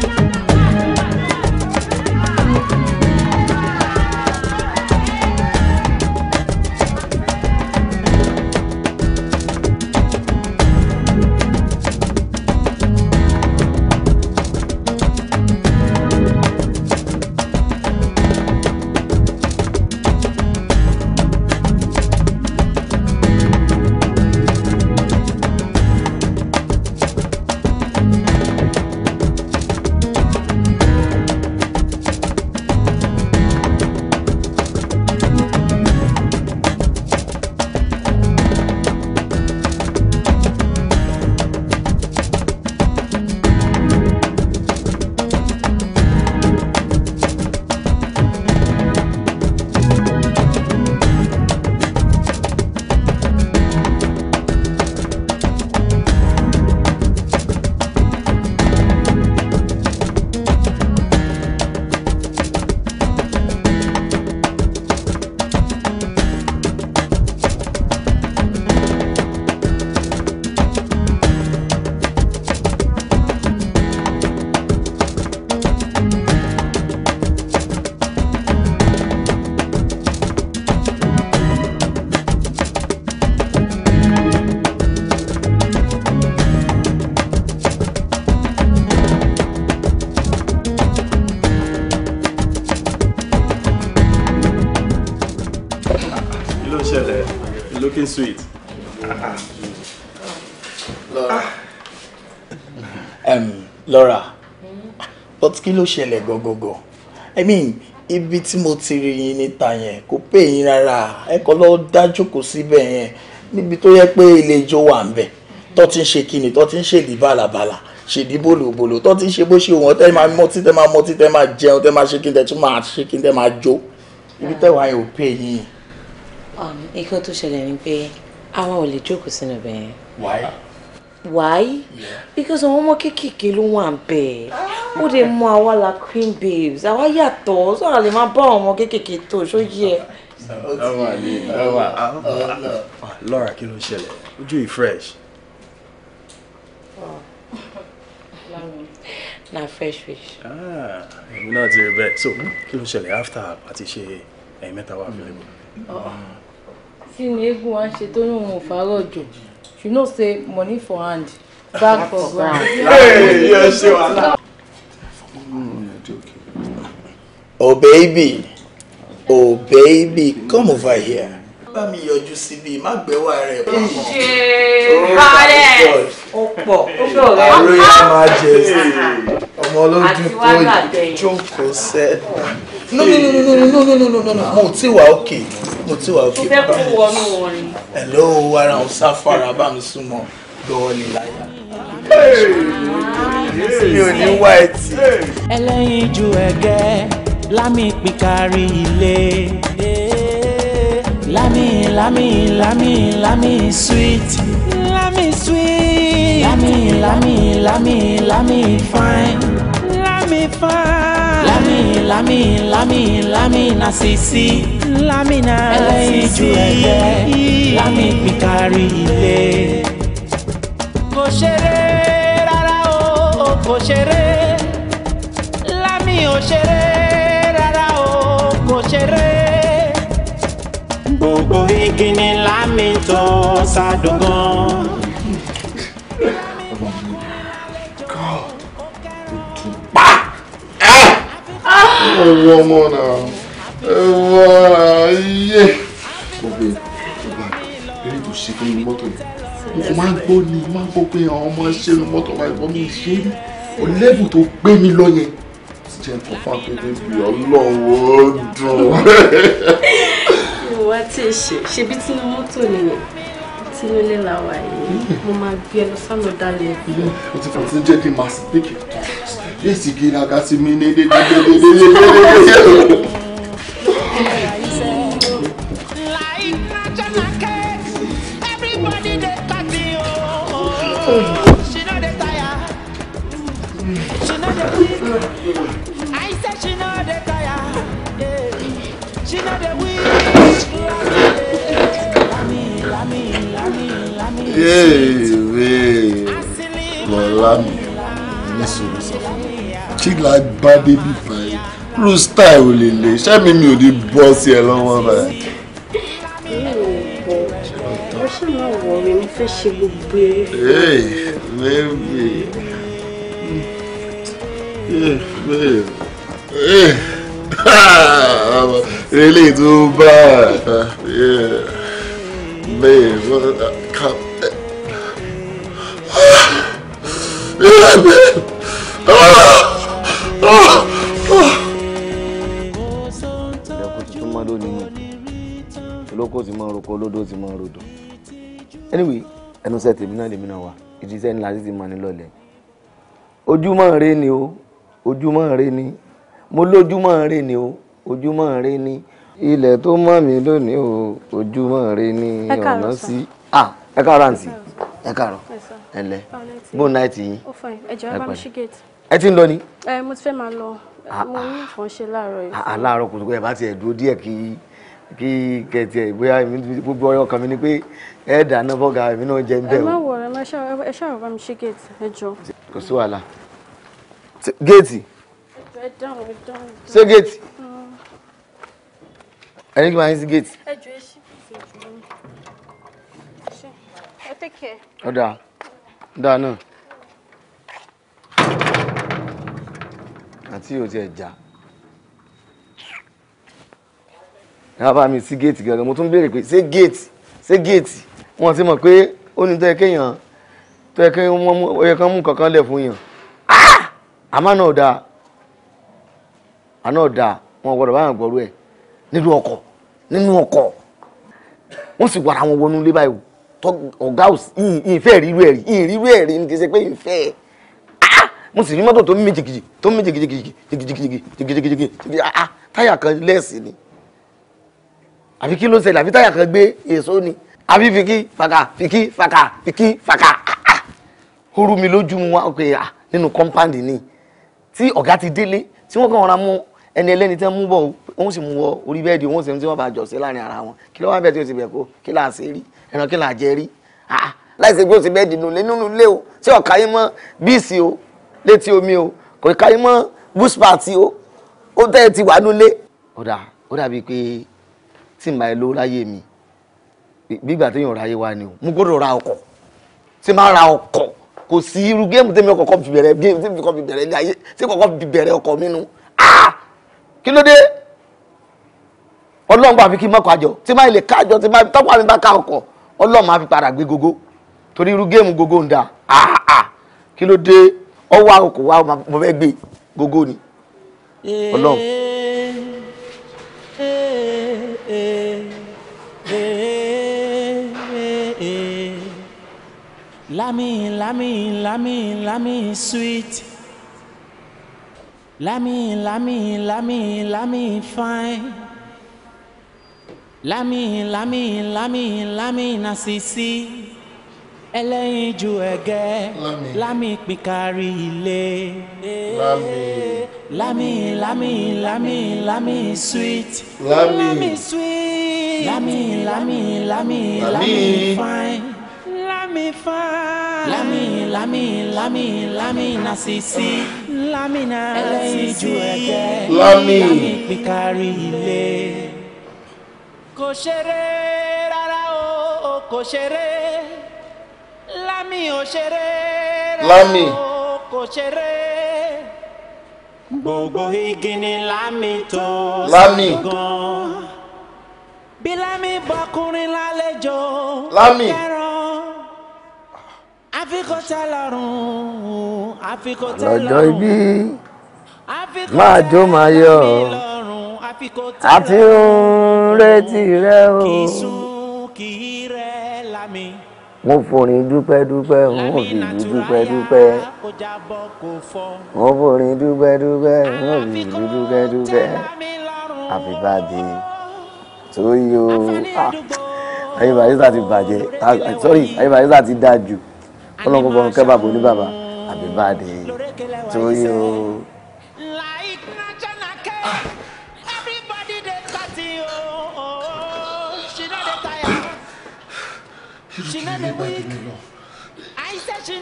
sweet. Laura. um, Laura. But kilo kí go go go. I mean, ibi tí mo ti rí yín níta yẹn kò pé yín rárá. da kọ́ lọ dá jókòó síbẹ̀ yẹn níbi tó yẹ pé ilé ijó wà ń bẹ̀. Tó ti ń ṣe kíni, tó ti ń ṣèlú bàlàbàlà ṣèdí bòlòbòlò tó ti ṣe bó ṣe wọn tẹ máa mọtí tẹ máa mọtí tẹ máa jẹun tẹ máa ṣe kí n tẹ tún máa ṣe kí n tẹ máa jó ibi tẹwàá yẹn ò pè yín nǹkan tó ṣẹlẹ̀ ni pé àwa ò lè jókòó sínú ibẹ̀ yẹn. why. why. Yeah. because àwọn ọmọ kéékèèké ló wà bẹ́ẹ̀ ó lè mú àwa la queen babes àwa yàtọ̀ sọ̀rọ̀ lè má bá àwọn ọmọ kéékèèké tó ṣó yẹ. ọwọ ni ọwọ Laura kí ló ṣẹlẹ̀ ojú yìí fresh. na fresh fish. Ah, èmi náà ti rí bẹ́ẹ̀ so kí ló ṣẹlẹ̀ after àti ṣe ẹ̀yìn mẹ́ta wà available kí ni eégún wa ń ṣe tó ní òun ò fárọ̀ say money for hand bag for ground. yẹ ṣe wàhálà. oh baby oh baby come over here. bá mi yọjú síbi má gbẹ́wà rẹ̀ pamọ́. ṣe balẹ̀ ó pọ̀ ó pọ̀ rẹ̀. àròyìn máa jẹ sí ọmọ olójú tó jókòó no no no no no no no no no no mo ti wà okay mo ti wà okay. mo fẹ́ kó wọnú wọn ni. hello ara ń sá fara bá mi súnmọ́ gbọ́ ni láyà. mi ò ní wá ẹtì. ẹlẹ́yin ju ẹ̀gẹ́ lámì píkárí ilé lámì lámì lámì lámì sweet lámì sweet lámì lámì lámì lámì fine lámì fine. Lami, Lami, Lami, Lami na sisi. Lami na sisi. Lami, pìkárì ilé. Kò ṣeré rárá o, kò ṣeré. Lámì ò ṣeré rárá o, kò ṣeré. Gbogbo igi ni lámì tó ṣàdùn gan. ẹwọ ọmọ náà ẹwọ ayé gbogbo eré tó ṣe fún mi mọ́tò yìí mo máa ń gbọ́ ni mo máa ń gbọ́ pé àwọn ọmọ ṣe nu mọ́tò máa ìbọn mi ṣe é o lẹ́bù tó gbé mi lọ yẹn jẹ́ nǹkan fún akéde bí ọlọ́wọ́ dùn. ìwà tí ì ṣe ṣebí tinú mọ́tò nìyẹn tí ó lè làwà yìí mo máa gbé ẹ lọ sálọ dalẹ̀. o ti fà ti jẹ́ kí n máa speak Esi gina kasi mi ne de de de de de de de de. Yeah, yeah. Lord, love me. Listen, listen ṣé la bá débi báyìí rústà ò lè lè sẹ́mi mi ò ní bọ́ sí ẹ lọ́wọ́ báyìí. ó ṣì máa wọ̀ mí mo fẹ́ ṣe gbogbo eré. baby yeah, baby yeah. really too bad yeah. babe what a cup *laughs* yeah, babe. roko tí mo roko olódó tí mo rodò anyway ẹnu sẹ tèmi náà lèmi náà wà ìdíṣẹ́ ńlá títí máa ní lọ́lẹ̀ ojúmọ́ rẹ ni o ojúmọ́ rẹ ni mo lójúmọ́ rẹ ni o ojúmọ́ rẹ ni ilẹ̀ tó mọ́ mi lónìí o ojúmọ́ rẹ ni ọ̀nà sí ah ẹ káàárọ̀ àǹtí ẹ káàárọ̀ ẹ lẹ bóun náà ti yín ẹ pẹ̀lẹ́ ẹ ti ń lọ ni. ẹ mo ti fẹ́ máa lọ ah, mo ah. ní ìfọ̀nṣe láàárọ̀ yìí. àlàárọ̀ ah, kùtùkùtù ẹ̀ bá tiẹ̀ dúró díẹ̀ kí kí kẹtì ẹ bóyá gbogbo ọ̀rẹ́ ọkàn mi ni pé ẹ dáná fọgà èmi náà jẹ bẹ́ẹ̀ o. ẹ má wọ ẹ má ẹ ṣàwọn bá mi ṣe géètì ẹ jọ. kò sí wàhálà géètì. ẹ dáhùn ẹ dáhùn. ṣé géètì. ẹ ní kí n máa ń sí géètì. ẹ jọ ẹ ṣí ẹ take care. ọ̀dà ọ̀dà náà àti òtí ẹ̀ já. ẹ bá mi sí géètì gẹ́gẹ́ mo tún béèrè pé ṣé géètì ṣé géètì wọ́n ti mọ̀ pé ó ní tó yẹ kéèyàn tó yẹ kéèyàn ó yẹ kán mú kankan lẹ̀ fún yàn àmọ́ náà dáa àná dáa wọn gbọ́dọ̀ báyàn gbọ́rú ẹ̀ nínú ọkọ̀ nínú ọkọ̀ wọ́n sì wàrà wọn wọnú ilé báyìí ọ̀gá ìfẹ́ ríru ẹ̀rí ìríru ẹ̀rí ni kì í ṣe pé ìfẹ́ ẹ̀ mo sì rí mọ́tò tó ń méjì gidi tó ń méjì gidi gidi gidi gidi gidi gidi gidi gidi táyà kan lẹ́ẹ̀sì ni àfi kí ló ṣẹlẹ̀ àfi táyà kan gbé èso ni àfi faka, fàkà fìkì fàkà fìkì fàkà ó rú mi lójú mu wá pé nínú kọ́ńpáǹdì ni tí ọ̀gá ti délé tí wọ́n kàn ra mú ẹni ẹlẹ́ni tẹ́ mú bọ̀ wọ́n sì mú wọ orí bẹ́ẹ̀dì wọ́n sì ń tí wọ́n bá jọ sí láàrin ara wọn kí ló wá bẹ̀ tí o ti bẹ̀ kó kí là á ṣe rí ẹran kí là á jẹ rí láì ṣe gbọ́dọ̀ sí bẹ́ẹ̀dì nù nínú ilé o tí ọ̀ka yín mọ́ bíìsì o létí omi o kò ká yín mọ́ búṣpàtì o ó tẹ́ ẹ ti wà nulẹ̀. ó dà ó dàbí pé tí màá lówó láyé mi gbígbà téèyàn ra ayé wa ni o mo gbọ́dọ̀ ra ọkọ̀ tí màá ra ọkọ̀ kò sí irú géèmù tẹ́mi ọkọ̀ fi bẹ̀rẹ̀ géèmù tẹ́mi kan fi bẹ̀rẹ̀ ilé ayé tí kọ̀ọ̀kan fi bẹ̀rẹ̀ ọkọ̀ mi nu ah kí ló dé ọlọ́run bá fi kí mọ́kọ̀ àjọ tí máa lè ká àjọ tí máa tọ́pọ̀ mi bá ká ọkọ̀ ọlọ́run máa fi padà gbé gogo torí irú géèmù gogo ń da ah ah kí ló dé ọwọ́ àkókò wa mo fẹ́ gbé gogo ni ọlọ́run. Lami, Lami, Lami, Lami, sweet. Lami, Lami, Lami, Lami, fine. Lami, Lami, Lami, Lami, nasisi. Ẹlẹ́yinjú ẹ̀gẹ́. Lami pikari ilé. Lami. Lami, Lami, Lami, Lami, sweet. Lami, Lami, sweet. Lami, Lami, Lami, Lami, fine fine. Lami, Lami, Lami, Lami na sisi. Lami na sisi. Ẹlẹ́yin ju ẹ̀kẹ́. Lami. Lami pikari ilé. Kò ṣeré rárá o, kò ṣeré. Lami ò ṣeré rárá o, kò ṣeré. Gbogbo igi ni Lami tó sí gan. Bí Lami bọkùnrin lálejò. Lami. Kẹ́rọ lọ́jọ́ ibi máa jó máa yọ̀ àti ń retí rẹ o mo forin dúpẹ́ dúpẹ́ Mo ò fi ìlú dúpẹ́ dúpẹ́ mo forin dúpẹ́ dúpẹ́ n ò fi ìlú dúpẹ́ dúpẹ́ àfibàdé tó yọ ayébáyé sá ti bàjẹ́ sorry ayébáyé sá ti dájú ọlọ́run bọ̀ kẹ́ bàbá oní bàbá àbí bàdé tó yẹ o. She not the weak. I said to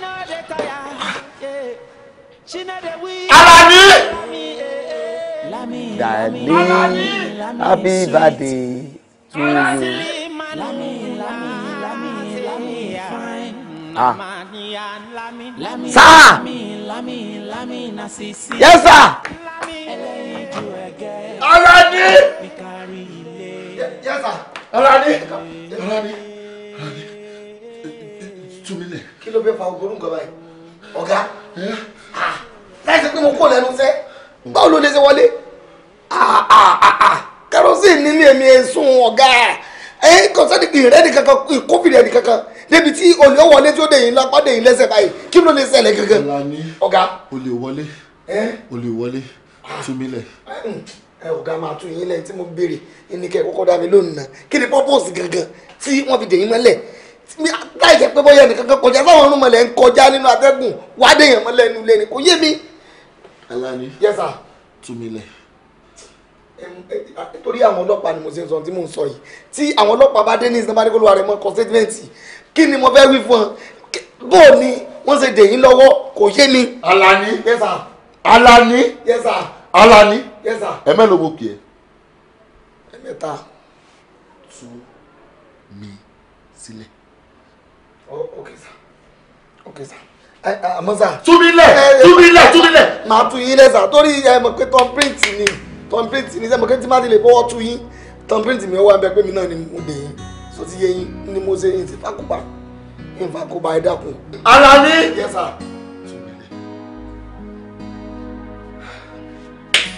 you. Ah sir. yes sir. Ọlọ́dí. yes sir. Ọlọ́dí. Ọlọ́dí. túmílẹ̀. kí ló bẹ fa ogorun kan báyìí ọ̀gá láì sẹ́ pé mo kó lẹ́nu sẹ́ báwo ló lè ṣe wọlé kerosene ní mi èmi èsùn ọ̀gá ẹ̀ kò sẹ́ni ìrẹ́ni kankan ìkóbìnrin ẹni kankan débi tí olè ó wọlé tí ó dẹ̀yìn lápá dẹ̀yìn lẹ́sẹ̀ báyìí kí ló lè ṣẹlẹ̀ gangan. Ọlání ọ̀gá olè wọlé olè wọlé ah. tún mi lẹ̀. ẹ ọ̀gá máa tún yín lẹ́yìn tí mo béèrè ẹni kẹ́ kọ́kọ́ dá mi lónìí náà kí ni purpose gangan tí wọ́n fi dẹ̀yìn mọ́lẹ̀ láì jẹ́ pé bóyá ẹnìkan kan kọjá sáwọn ọ̀run mọ̀lẹ́ ń kọjá nínú atẹ́gùn wá dẹ̀yìn mọ́lẹ̀ nínú ilé ni kò yé mi. Ọlání yes sir tún mi lẹ̀ torí àwọn ọlọ́pàá ni mo ṣe ń sọ tí mò ń sọ yìí tí àwọn ọlọ́pàá bá dé ní ìsinmi bá dé kó lóore mọ́ kọ́ sẹ́tímẹ́ǹtì kí ni mo fẹ́ wí fún ọ bó o ní wọ́n ṣe dè lọ́wọ́ kò yé mi. Alani yes Alani yes Alani yes sir. ẹ mẹ́lò mo kì í. ẹ mẹ́ta tú mi sílẹ̀. Oh, ok sir ok sir àmọ́ sà. túmílẹ̀ túmílẹ̀ túmílẹ̀. màá tu yín lẹ́sà torí ẹ mọ̀ pé tọ́n píríǹtì ni tọ́n píríǹtì ni sẹ́mọ̀ kí n ti má ti lè bọ́wọ́ tu yín tọ́n píríǹtì mi ó wà bẹ́ẹ̀ pé mi náà ni mo dè yín sọ ti yé yín ni mo ṣe ìtì fákùbà ìfàkùbà ẹ dákun. ara ní. yes sir.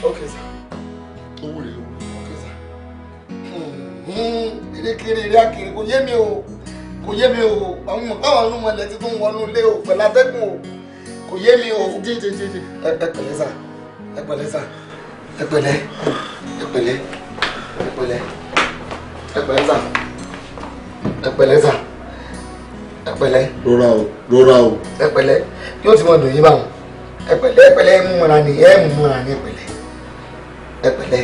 okay sir. owó rẹ̀ lówó okay sir. kirikiri ìrìn àkìrì kò yé mi o kò yé mi o àwọn ọmọ káwọn ọdún mọlẹ ti tún wọnú ilé o pẹ̀lú atẹ́gùn o kò yé mi o. jíjìjìjì. ẹ pẹ̀lẹ́ sà ẹ pẹ̀lẹ́ sà ẹ pẹ̀lẹ́ ẹ pẹ̀lẹ́ ẹ pẹ̀lẹ́ ẹ pẹ̀lẹ́ sà ẹ pẹ̀lẹ́ sà ẹ pẹ̀lẹ́. rọra o rọra o. ẹ pẹ̀lẹ́ yóò ti mọ dùn yín báwọn ẹ pẹ̀lẹ́ ẹ pẹ̀lẹ́ ẹ ni ẹ mú mọra ni ẹ pẹ̀lẹ́ ẹ pẹ̀lẹ́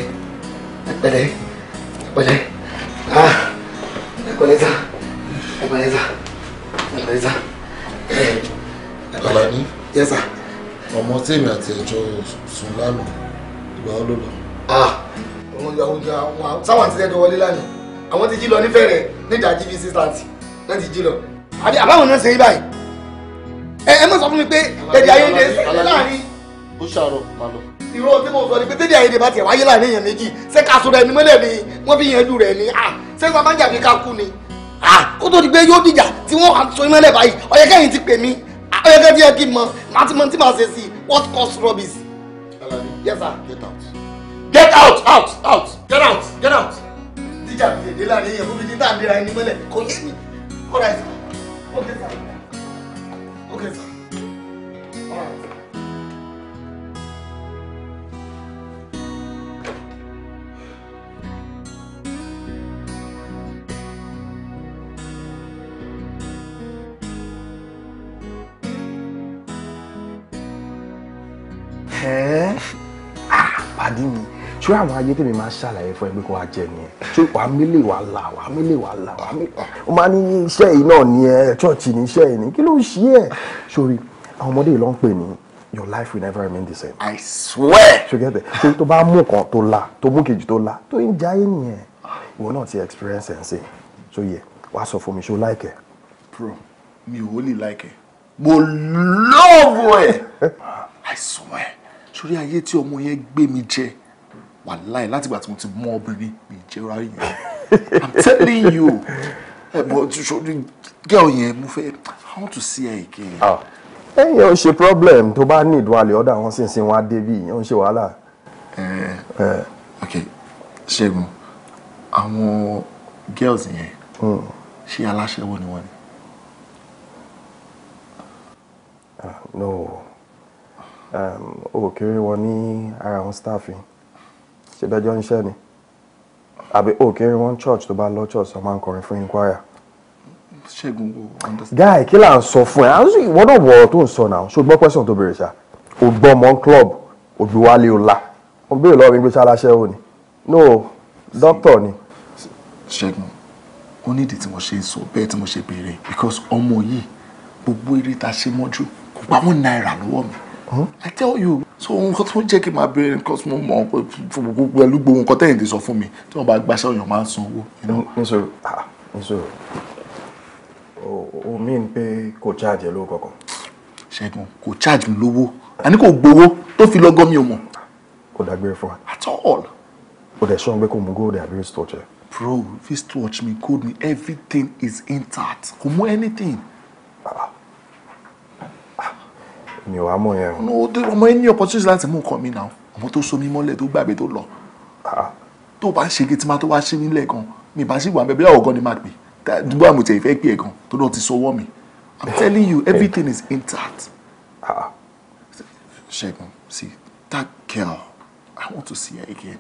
ẹ pẹ̀lẹ́ ah ẹ pẹ̀lẹ́ sà ẹ pẹ̀lẹ́ sà ẹ pẹ̀lẹ́ sà ẹ pẹ̀lẹ́ yẹ sà. ọmọ tí àti ẹjọ sùn lánàá ìgbà wo ah òun ìyàwó ìyàwó sáwọn àti ẹjọ wọlé lánàá àwọn ti jí lọ nífẹ̀rẹ̀ nídàájí bíi six thirty wọ́n ti jí lọ. àbí àbáwọn náà ṣe é báyìí ẹ ẹ mọ̀ sọ fún mi pé èdè àìyedè ṣẹlẹ̀ láàrin. ó ṣàrọ̀ máa lọ. ìró tí mo sọ ni pé tẹ́lẹ̀ àìyedè bá tiẹ̀ wáyé láàrin èèyàn méjì ṣé ká sọ rẹ̀ ni mọ́lẹ̀ ni wọ́n fi yanjú rẹ̀ ni ṣé wọ́n máa ń jàbí ká kú ni. kó tó di pé yóò dìjà tí wọ́n sọ ìmọ̀lẹ̀ báyìí ọ̀yẹ́kẹ́yìn ti pè mí ọ̀yẹ́kẹ́ tí yẹ kí n mọ màá ti mọ tí màá ṣe sí what cause rubbish. Yes, sir. Get out. Get out, out, out. Get out, get out jíjà mi èdè láàrin èèyàn fúnbi títà àbíra ẹni mọ́lẹ̀ kò yé mi. ó rà ẹ̀sán. ó kẹsàn-án. ṣé àwọn ayé tèmi máa ń ṣàlàyé fún ẹ pé kó wá jẹ nìyẹn ṣé wàá mílè wàá là wàá mílè wàá là wàá mílè ó máa ní iṣẹ́ yìí náà ni ẹ ṣọ́ọ̀ṣì ní iṣẹ́ yìí ni kí ló ń ṣe ẹ sórí àwọn ọmọdé yìí ń pè ní your life will never remain the same. I swear. ṣe gẹ́gẹ́ ṣe tó bá mú kan tó la tó mú kejì tó la tó ń jayé nìyẹn ìwọ náà ti experience ẹ̀ ń sè so yẹ wàá sọ like ẹ. bro mi ò like ẹ mo love ẹ eh? I swear sórí ayé tí ọmọ yẹn gbé mi jẹ wàláì láti ìgbà tí mo ti mọ obìnrin mi jẹ́ra yẹn i'm telling you ẹ̀bọ̀ ṣòṣòrí gẹ́ọ̀ yẹn mo fẹ́ i want to see her again. Ah. ẹ̀yin ò ṣe problem tó bá ní ìdùn àlè ọ̀dà wọn sì ń sin wọn á débi ìyẹn ò ń ṣe wàhálà. ok ṣẹ́gun àwọn girls yẹn hmm. ṣé aláṣẹ́wó ni wọ́n ni. Ah, no o kéré wọn ní ara àwọn staff yẹn ṣe bẹ́jọ́ ń ṣẹ́ ni àbí òkèrè wọn church tó bá lọ church ọ máa ń kọrin fún inquiry. ṣẹ́gun o understand. guy kí là ń sọ fún ẹ wọ́n náà wọ̀ ọ́ tó ń sọ náà ṣùgbọ́n question tó béèrè ṣá o gbọ́ mọ́ club ògbéwálé ọ̀la wọ́n béèrè lọ́wọ́ mi gbé ṣáláṣẹ́ ò ní no doctor ni. ṣẹ́gun ó ní ìdí tí mo ṣe sọ bẹ́ẹ̀ tí mo ṣe béèrè because ọmọ yìí gbogbo eré ta ṣe mọ́jú kò gbà wọ́n náírà lọ́wọ́ mi. Hmm? I tell you so nǹkan tó ń jẹ́ kí n máa béèrè nǹkan tí mo mọ̀ pẹ̀lú gbogbo nǹkan tẹ́yìn ti sọ fún mi tí wọ́n bá gbaṣẹ́ òyàn máa ń san owó. n sọ n sọ o mean pé kò charge ẹ lówó kankan. ṣẹ́gun kò charge mi lówó àní kò gbowó tó fi lọ́gọ́ mi ò mọ̀. kò dágbére fún wa. at all. o dẹ̀ sọ́n pé kò mú góòdù àbí wristwatch ẹ. bro wristwatch mi code mi everything is intact kò mú anything. Ah mi ò wá mọ̀ yẹn o. no ọmọ yẹn ní opportunity láti mú nǹkan mi náà ọmọ tó so mí mọ́lẹ̀ tó gbàgbé tó lọ tó bá ṣe kí tí máa tó wá ṣe nílẹ̀ gan mi bá sì wà bẹ́ẹ̀ bí àwọn gan ni máa pè dúgbò àmì tẹ̀ ìfẹ́ pè é gan tó náà ti so wọ́ mi i'm *laughs* telling you everything is intact. ṣẹ́gun see that girl i want to see her again.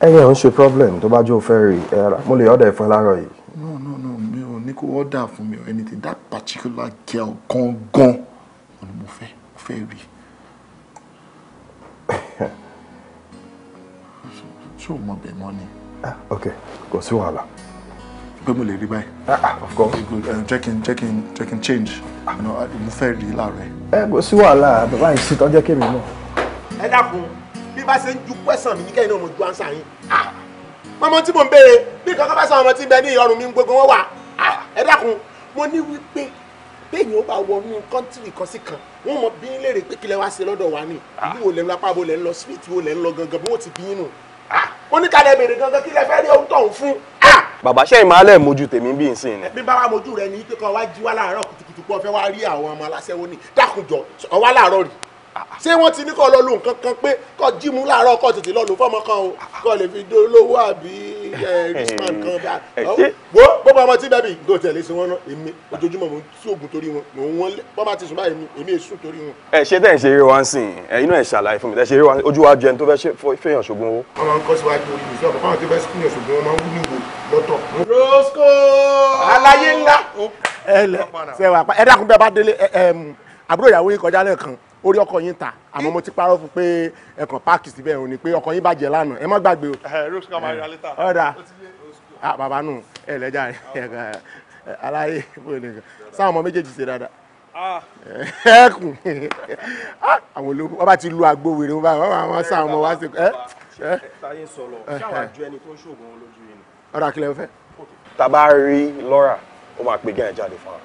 ẹyin ò ń ṣe problem tó bá jó fẹ́ rí ẹ rà mo lè ọ̀dà ẹ̀fọn láàárọ̀ yìí. no no no mi ò ní kó ọ̀dà fún mi or anything that particular girl gangan fẹ́ rí *coughs* ṣé o mọ bẹ̀ mọ́ ni. Ah, ok kò sí wàhálà. pé mo lè rí báyìí. Ah, ah, of course. jẹ́ kí n jẹ́ kí n jẹ́ kí n change mo fẹ́ rí láàárọ̀ ẹ. ẹ eh, kò sí wàhálà bàbá yìí ṣetán jẹ́ kémi náà. ẹ dákun bí bá ṣe ń ju question mi ní kẹ́hìn náà mo ju answer yín mọmọ tí mo ń béèrè bí kankan bá sọ ọmọ tí ń bẹ ní ìyọrùn mi ń gbogbo wọn wà ẹ dákun mo ní wípé béèyàn ó bá wọnú kọ́ńtìrì kan sí kan wọ́n mọ bí léèrè pé kílẹ̀ wá sí lọ́dọ̀ wa ni ah. ìlú wo lẹ́ ń lọ apá wo lẹ́ ń lọ street wo lẹ́ ń lọ gangan bí wọ́n ti bí nù. Ah, wọ́n ní kálẹ̀ béèrè gangan kílẹ̀ fẹ́ rí ohun tọ̀hún fún. Ah! bàbá ṣe ìmọ̀lẹ́ mojú tèmi bí nsìn ni. bí bàbá mojú rẹ ní pé kọ́ wá jí wá láàárọ̀ kùtùkùtù pọ̀ fẹ́ wá rí àwọn ọmọ aláṣẹ́wó ni dákùjọ ọwá láàárọ̀ rí ṣé wọ́n ti ní kọ́ lọ lu nǹkan kan pé kọ́ jímú láàárọ̀ kọ́ tètè lọ lu fọ́mọ kan o kọ́ lè fi dolówó àbí richman kan bá wo gbogbo ọmọ tí bẹ́bí gò tẹ̀lé sí wọn èmi ojoojúmọ́ mo ń tí oògùn torí wọn mò ń wọ́n lé bọ́n bá ti sùn báyìí èmi èsù torí wọn. ẹ ṣé tẹ̀ ń ṣe eré wa ń sìn ẹ inú ẹ̀ ṣàlàyé fún mi tẹ̀ ṣe eré wa ojú wa jẹun tó fẹ́ fẹ́yàn ṣògùn owó. wọ́n máa ń kọ́ fáwọn tó fẹ́ fẹ́yàn ṣògùn wọn máa ń wú níwò lọ́tọ̀. rosco aláyé ńlá. ẹ lẹ sẹwà ẹ dákun bẹ́ẹ̀ bá délé àbúrò ìyàwó yìí kọjá lẹ́ẹ̀kan orí ọkọ̀ yín ta àmọ́ mo ti parọ́ fún pé ẹ̀kan páàkì síbẹ̀ ò ní pé ọkọ̀ yín bàjẹ́ lánàá ẹ má gbàgbé o. Eh, eh, rose kama ra lẹ́tà. ọ̀dà ah, bàbá nù ẹ lẹ́jà aláyé sáwọn ọmọ méjèèjì ṣe dáadáa ah. ẹkùn ah, àwọn olówó wọn bá ti lu àgbo wèrè wọn báyìí wọn bá wọn sáwọn ọmọ wá sí ẹ. táyé sọlọ ṣáwá ju ẹni tó ń ṣoògùn olójú yìí ni. ọ̀rọ̀ àkìlẹ̀ fẹ́. tàbá rí lọ́ra ó máa pè gẹ́ẹ̀ jáde fún wa.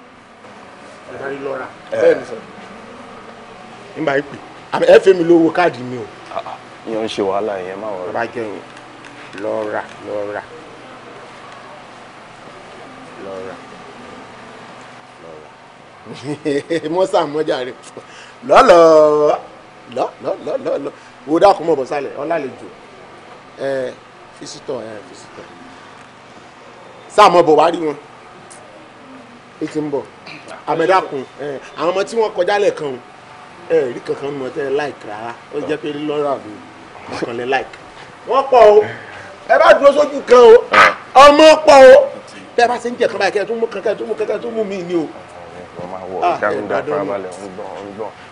tàbá rí lọ́ra eh. bẹ́ẹ̀ ni sọ nígbà yìí pè ẹ fẹ́ mi lówó káàdì mi o. ìyẹn ah, ah. ń ṣe wàhálà ìyẹn máa wọ̀rọ̀. bàbá jẹun lọ́ra lọ́ra lọ́ra lọ́ra *laughs* mọ́sá mọ́jà rẹ̀ lọ́lọ́ lọ́lọ́lọ́lọ́ wo dákun mọ̀ bọ́ sálẹ̀ ọ̀làlejò ẹ fisitọ̀ ẹ fisitọ̀ sáà mọ̀ bọ̀ wá rí wọn ètí ń bọ̀ ah. àmẹ́dàkùn àwọn ọmọ tí wọ́n kọjá lẹ́ẹ̀kan o ẹ rí kankan mọ tẹ láìkì rárá ó jẹ́ pé lọ́rọ̀ àbí kan lẹ láìkì. wọ́n pọ̀ o ẹ bá dúró sójú kan o ọmọ pọ̀ o bẹ́ẹ̀ bá ṣe ń jẹ kan báyìí kẹ́ ẹ tún mú kankan tún mú kankan tún mú mi ni o ah,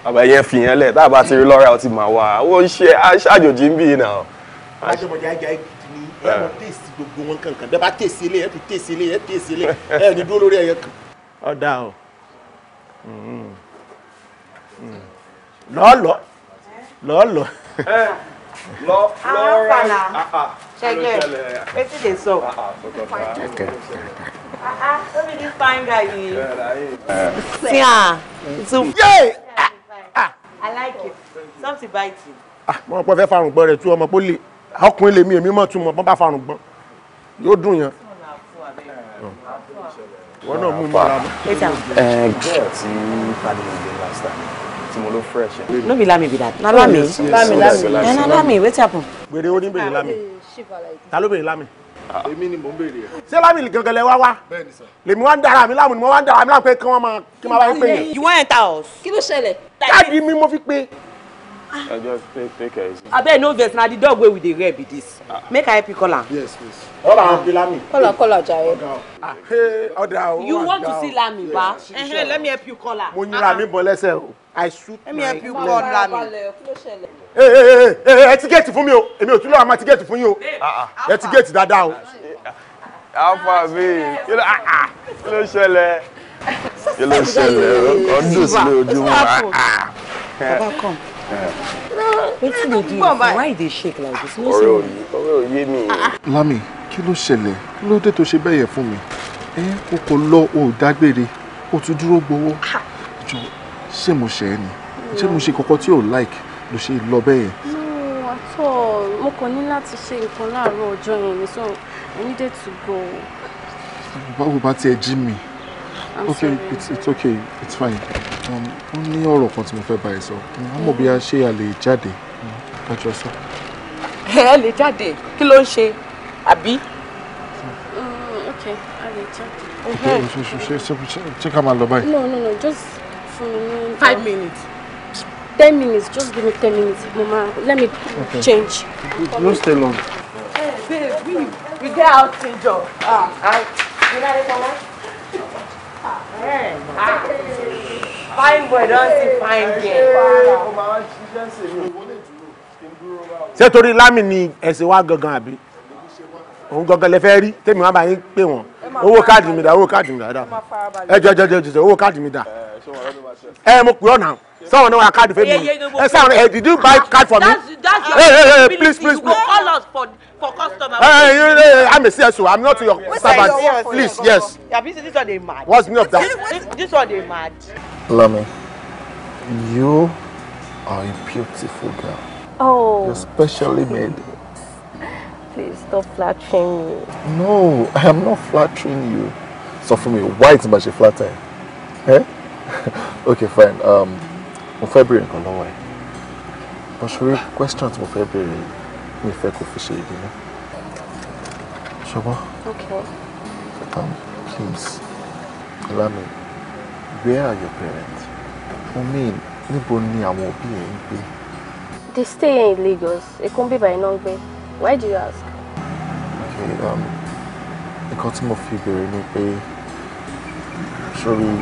bàbá yẹn fi yẹn lẹ tá a bá ti rí lọ́ra ọtí máa wá ó ń ṣe aṣáàjòjì ń bì náà. aṣọ́mọjà ajá ni ẹ mọ tèsí gbogbo wọn kankan bẹ́ẹ̀ bá tèsí ilé ẹ fi tèsí ilé ẹ tèsí ilé ẹ ní dúró lórí ẹyẹ kan. ọ̀dà o. Mm-hmm. Mm-hmm lọ́ọ̀lọ́ lọ́ọ̀lọ́. àwọn fàlà ṣẹgẹ wetin dey sọ. Ah, ah, no ah, be this fine guy you. see ah zoom. i like you something bite you. mo rò pé fẹ́ farùn gbọ́n rẹ̀ yóò dùn yẹn wọn náà mú mi ra mọ. ẹ jẹ́ ọtí last time tí mo ló fresh. no be lami be that na lami oh, lami lami eh, na lami wetin happen. gbèrè ó ní be lami ta ló bèrè lami. Ah. èmi ni mò ń bèrè ẹ. ṣé lami gangan lẹ wá wá. bẹ́ẹ̀ni sà. lèmi wá ń dara mi láàmú mo wá ń mi láàmú pé kí wọn máa kí wọn máa you want enter house. kí ló ṣẹlẹ̀. káàdì mi mo fi pe. I just take take care. Abeg no vex Now the dog wey with the rear be this. Make I help you call am. Yes yes. Hold on, be Lami. Call am call am jare. Ah, hey hold on. You want to see Lami ba? Ẹhẹ́n let me help you call am. Mo yinra ah, ah. mi bọ lẹ́sẹ̀ o. I shoot Let me help you call Lami. Ee ee ee ẹ tíkẹ́ẹ̀tì fún mi o. Èmi ò tún lọ́wọ́ àmọ́ tíkẹ́ẹ̀tì fún yín o. Ẹ tíkẹ́ẹ̀tì dáadáa o. Alfa mi kí ló ṣẹlẹ̀? *laughs* Kí ló ṣẹlẹ̀? Ọdún sí lójúmọ́. Bàbá kan why you shake like this no see me. Lami kí ló ṣẹlẹ̀ kí ló dé tó ṣe bẹ́ẹ̀ yẹ fún mi ẹ o kò lọ o ò dágbére o tún dúró gbowó ah. jọ ṣé mo ṣe é ni ṣé mo ṣe kọ́kọ́ tí ò like ló ṣe lọ bẹ́ẹ̀. no at all mo kàn ní láti ṣe nǹkan láàárọ̀ ọjọ́ yẹn ni so I needed to go. báwo bá tiẹ̀ jí mi. okay, It's, it's okay. It's fine um, ó ní ọ̀rọ̀ kan tí mo fẹ́ bá ẹ sọ wọ́n mọ̀ bí a ṣe a lè jáde àjọ sọ. ẹ lè jáde kí ló ń ṣe àbí. Mm, ok a lè jáde. ṣe ṣe ṣe ká máa lọ báyìí. no no no just fún mi. five minutes. ten minutes just give me ten minutes mama let me okay. change. no stay long. Hey, babe, we, we get out change up. Ah, I. Ah, hey. ah fine boy don see fine girl. ṣé torí lámì ni ẹ̀sìn wá gangan àbí òun gangan lè fẹ́ rí tèmi wá bá yín pè wọ́n owó káàdì mi dà owó káàdì mi dà dà ẹ jọ jọ jọ jọ owó káàdì mi dà ẹ mo pè ọ́ náà someone know her card for me ẹ someone hey did you buy card for me hey hey hey please please please call us for for customer. Hey, you, hey, I'm a CSO. I'm not your servant. Please, yes. Yeah, this, this one they mad. What's me of that? This, this one they mad. Lami, you are a beautiful girl. Oh. You're specially please. *laughs* made. Please stop flattering me. No, I am not flattering you. So for me, why is n bá ṣe Eh? *laughs* okay, fine. Um, mo fẹ́ béèrè nǹkan lọ́wọ́ But Mo ṣòro question tí February. fẹ́ fake mi you know. fi ṣe Okay. Um, please, Lami where are your parents? I mean, níbo ni àwọn òbí ẹ̀ ń gbé? They stay in Lagos. It can't be by Nongbe. Why do you ask? Okay, um, I got some of fi bèrè ni pé sorry,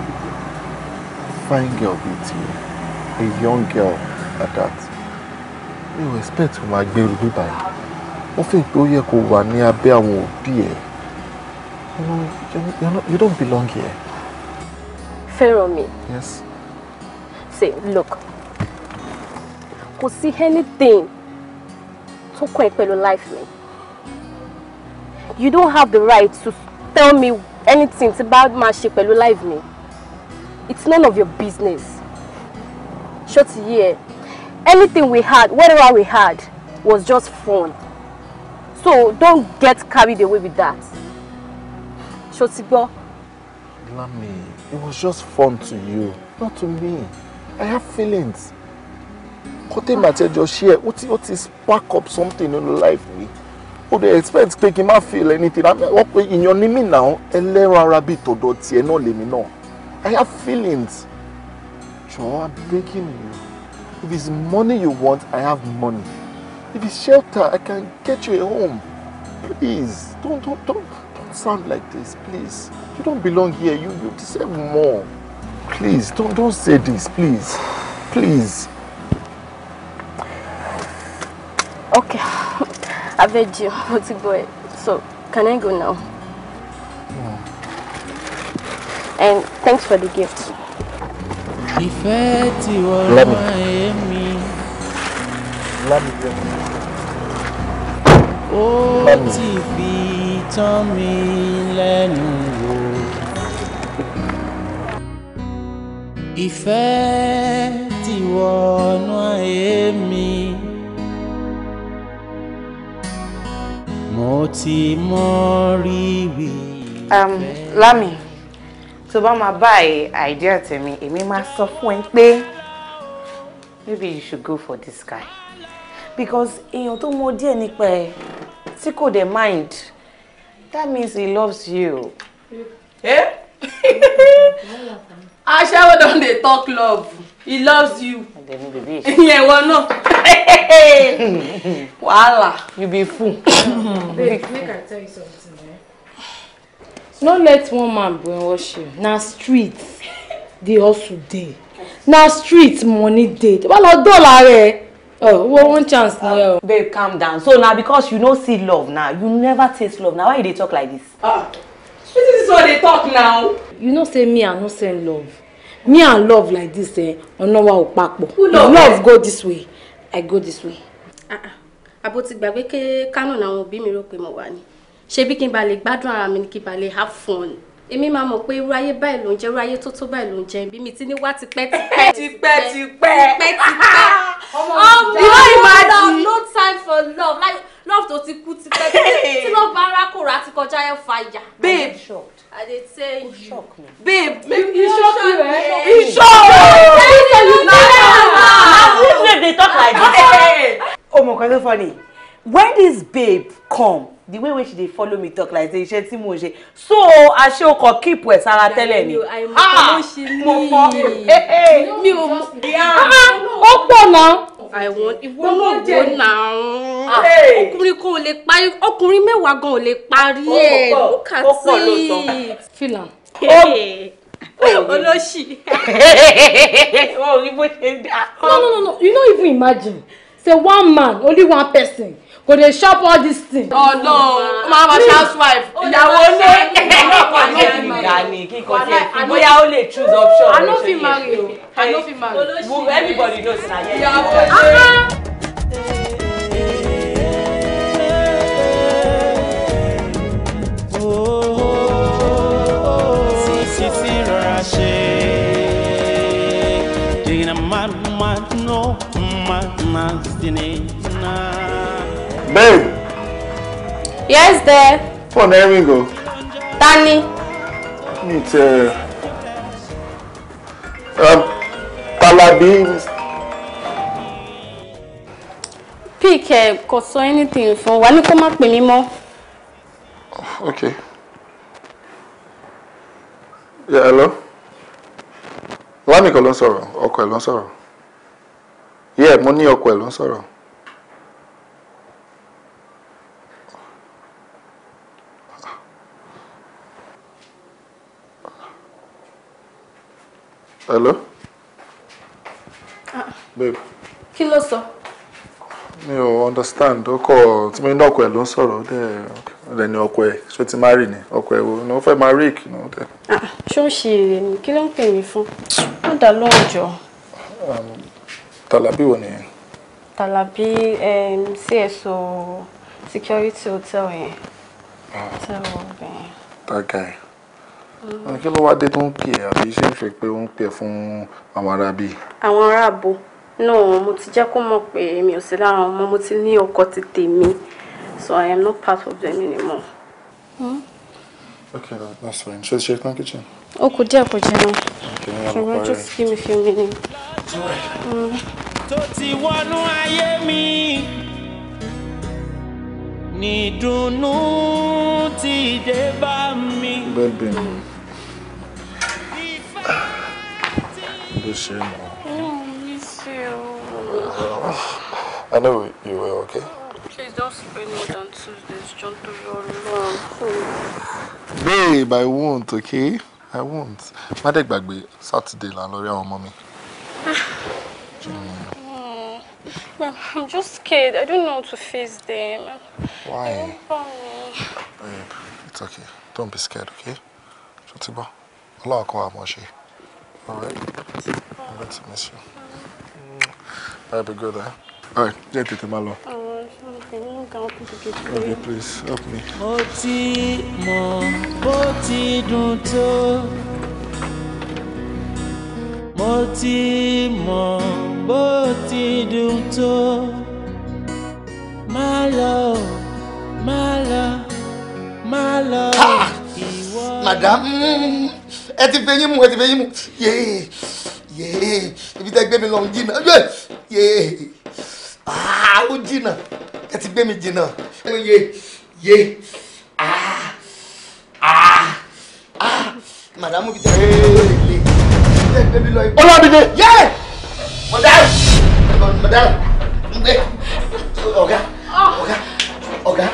fine girl bíi tiẹ̀, a young girl at that. Mi expect kó máa gbèrú bíbáyìí. Wọ́n fi pé ó You know, you, you, you don't belong here fẹ́ràn mi. yes. say look kò sí anything tó kàn ẹ́ pẹ̀lú life mi you don't have the right to tell me anything tí bá máa ṣe pẹ̀lú life mi it's none of your business ṣó ti anything we had whatever we had was just fun so don't get carried away with that ṣó ti gbọ́. lámì. It was just fun to you, not to me. I have feelings. Kote Matejo share, what is ó ti spark up something in life me? O dey expect pé kí n má feel anything. I mean, wọ́n pe ìyàn ni mí náà, ẹlẹ́ran No bíi tọ̀dọ̀ tiẹ̀ I have feelings. Jọ̀ọ́, I'm begging you. If it's money you want, I have money. If it's shelter, I can get you a home. Please, don't, don't, don't sound like this, please. You don't belong here. You, you deserve more. Please, don't, don't say this, please. Please. Okay. I've *laughs* heard you. *laughs* What's it going? So, can I go now? Yeah. Hmm. And thanks for the gift. Let me. Let me. Let me. Let me tán mi lẹ́nu wò. Ìfẹ́ ti wọnú ayé mi. Mo ti mọ rírì. Lámì, tó bá máa bá àìdíà tèmi, èmi máa sọ fún ẹ pé maybe you should go for this guy because èèyàn tó mọ díẹ̀ nípa ẹ tí kò dẹ̀ mind. That means he loves you. Eh? *laughs* Aṣẹ́wó don they talk love. He loves you. *laughs* Yeah, baby. Ìyẹn ìwọ You be fool. *coughs* Babe, make I tell you something. Eh? No let one man brainwash you. Now streets, they also dey. Now streets, money dey. Wọ́n lọ dọ́là rẹ̀ oh well, one chance uh, now babe calm down so now, because you no see love now you never taste love now why you dey talk like this. ah this is what they talk now. you know say me i no send love me and love like this eh ọ̀nà wa ò papọ̀ love go this way i go this way. Ah, ah. àbò ti gbàgbé ké kánò làwọn òbí mi rò pé mo wà ní ṣebí kí n ba lè gbádùn ara mi kí n ba lè have fun èmi máa mọ̀ pé irú ayé báyìí ló ń jẹ́ irú ayé tó tó báyìí ló ń jẹ́ ibi mi ti ní wá tipẹ́ tipẹ́ tipẹ́ tipẹ́ tipẹ́ tipẹ́ *laughs* ọmọ ìwà oh, love no time for love like love tó ti kú tipẹ́ tí lọ́ọ́ bá rákòrò àti kọjá ẹ̀ fàyà. babe i dey tell you babe make you shock you eh you shock you na na you dey talk like this. ọmọ kan ló fọ ni when this babe come the way wey she dey follow me talk like say iṣẹ́ tí mo ṣe so aṣẹ o kò keep ẹ sára tẹ́lẹ̀ ni ah mo fọ mi ò mọ ah! ó pọ̀ náà. àìwọ̀n ìwọ náà wò náà ah! ọkùnrin kan ò lè parí ọkùnrin mẹ́wàá gan ò lè parí ẹ̀ bùkátì fìlà olóṣì. wọn ò rí bó ṣe dá. no no no you no even imagine say one man only one person kò dey shop all this thing. Ọlọ́run oh, máa ma housewife ìyàwó lé ọlọpàá ló fi gani kí n kò tiẹ̀ fi bóyá ó lè choose option. I no fit marry o I no fit marry. everybody knows na yes. ìyàwó lé. man man no man man dine na. Babe. Yes, there. we go? Danny. Tani. uh, um, Talabi. Pick ẹ kò anything fún when you come má pè Okay. Yeah, hello. Lámì kan call on sorrow, okay, on sorrow. Yeah, money ní ọkọ ẹ̀ ló hello. Ah. babe. kí ló sọ. mi ò understand ọkọ tí mo ní ọkọ ẹ ló ń sọ̀rọ̀ ó dẹ ní ọkọ ẹ ṣó ti marry ni ọkọ ẹ wo ni ah, ó fẹ́ marry kì ní ó dẹ. ṣó ń ṣe èrè ni kí ló ń pè mí fún ó dá lóhùn um, tàlàbí wo nìyẹn. tàlàbí um, CSO security hotel yẹn. Ah. hotel wọn bẹ̀yẹn. that kí ló wá dé tó ń pè ẹ́ àbí ṣé ń ṣe pé ó ń pè fún àwọn ará àwọn ará àbò mo ti jẹ́ kó mọ̀ pé mi ò sí lára ọmọ mo ti ní ọkọ ti tèmi so I am not part of them anymore. Hmm? Okay, that's fine. Ṣé ṣe tán kitchen? Ó kù díẹ̀ kò jẹun. Ṣùgbọ́n just give me a few minutes. Hmm. Tó ti wọnú ayé mi ní ìdùnnú ti dé bá mi. Bẹ́ẹ̀ bẹ́ẹ̀ ni ló ṣe é mọ́. I know you were okay. Please don't spend more than two days, John, to your Babe, I won't, okay? I won't. Má dẹ̀ gbàgbé Saturday là ń lọ rí àwọn mm. Mm. I'm just scared. I don't know how to face them. Why? Babe, it's okay. Don't be scared, okay? Ṣé o ti gbọ́? Ọlọ́run kọ́ All right. All to miss you. That'd be good, eh? All right, jẹ́ tètè máa lọ. Okay, please help me. Mo ti mọ̀ bó Mo ti mọ̀ bó ti dùn tó. Má lọ, madam ẹ ti fẹ́ yín mu ẹ ti fẹ́ yín mu yéé yéé ibi tẹ́ gbé mi lọ ń jìnnà yéé aa ó jìnnà ẹ ti gbé mi jìnnà yéé yéé aa aa aa madam ibi tẹ́ gbé mi lọ lè lè ibi tẹ́ gbé mi lọ. ọlọ́dúnjẹ yéé madam madam ah! ọ̀gá ọ̀gá ọ̀gá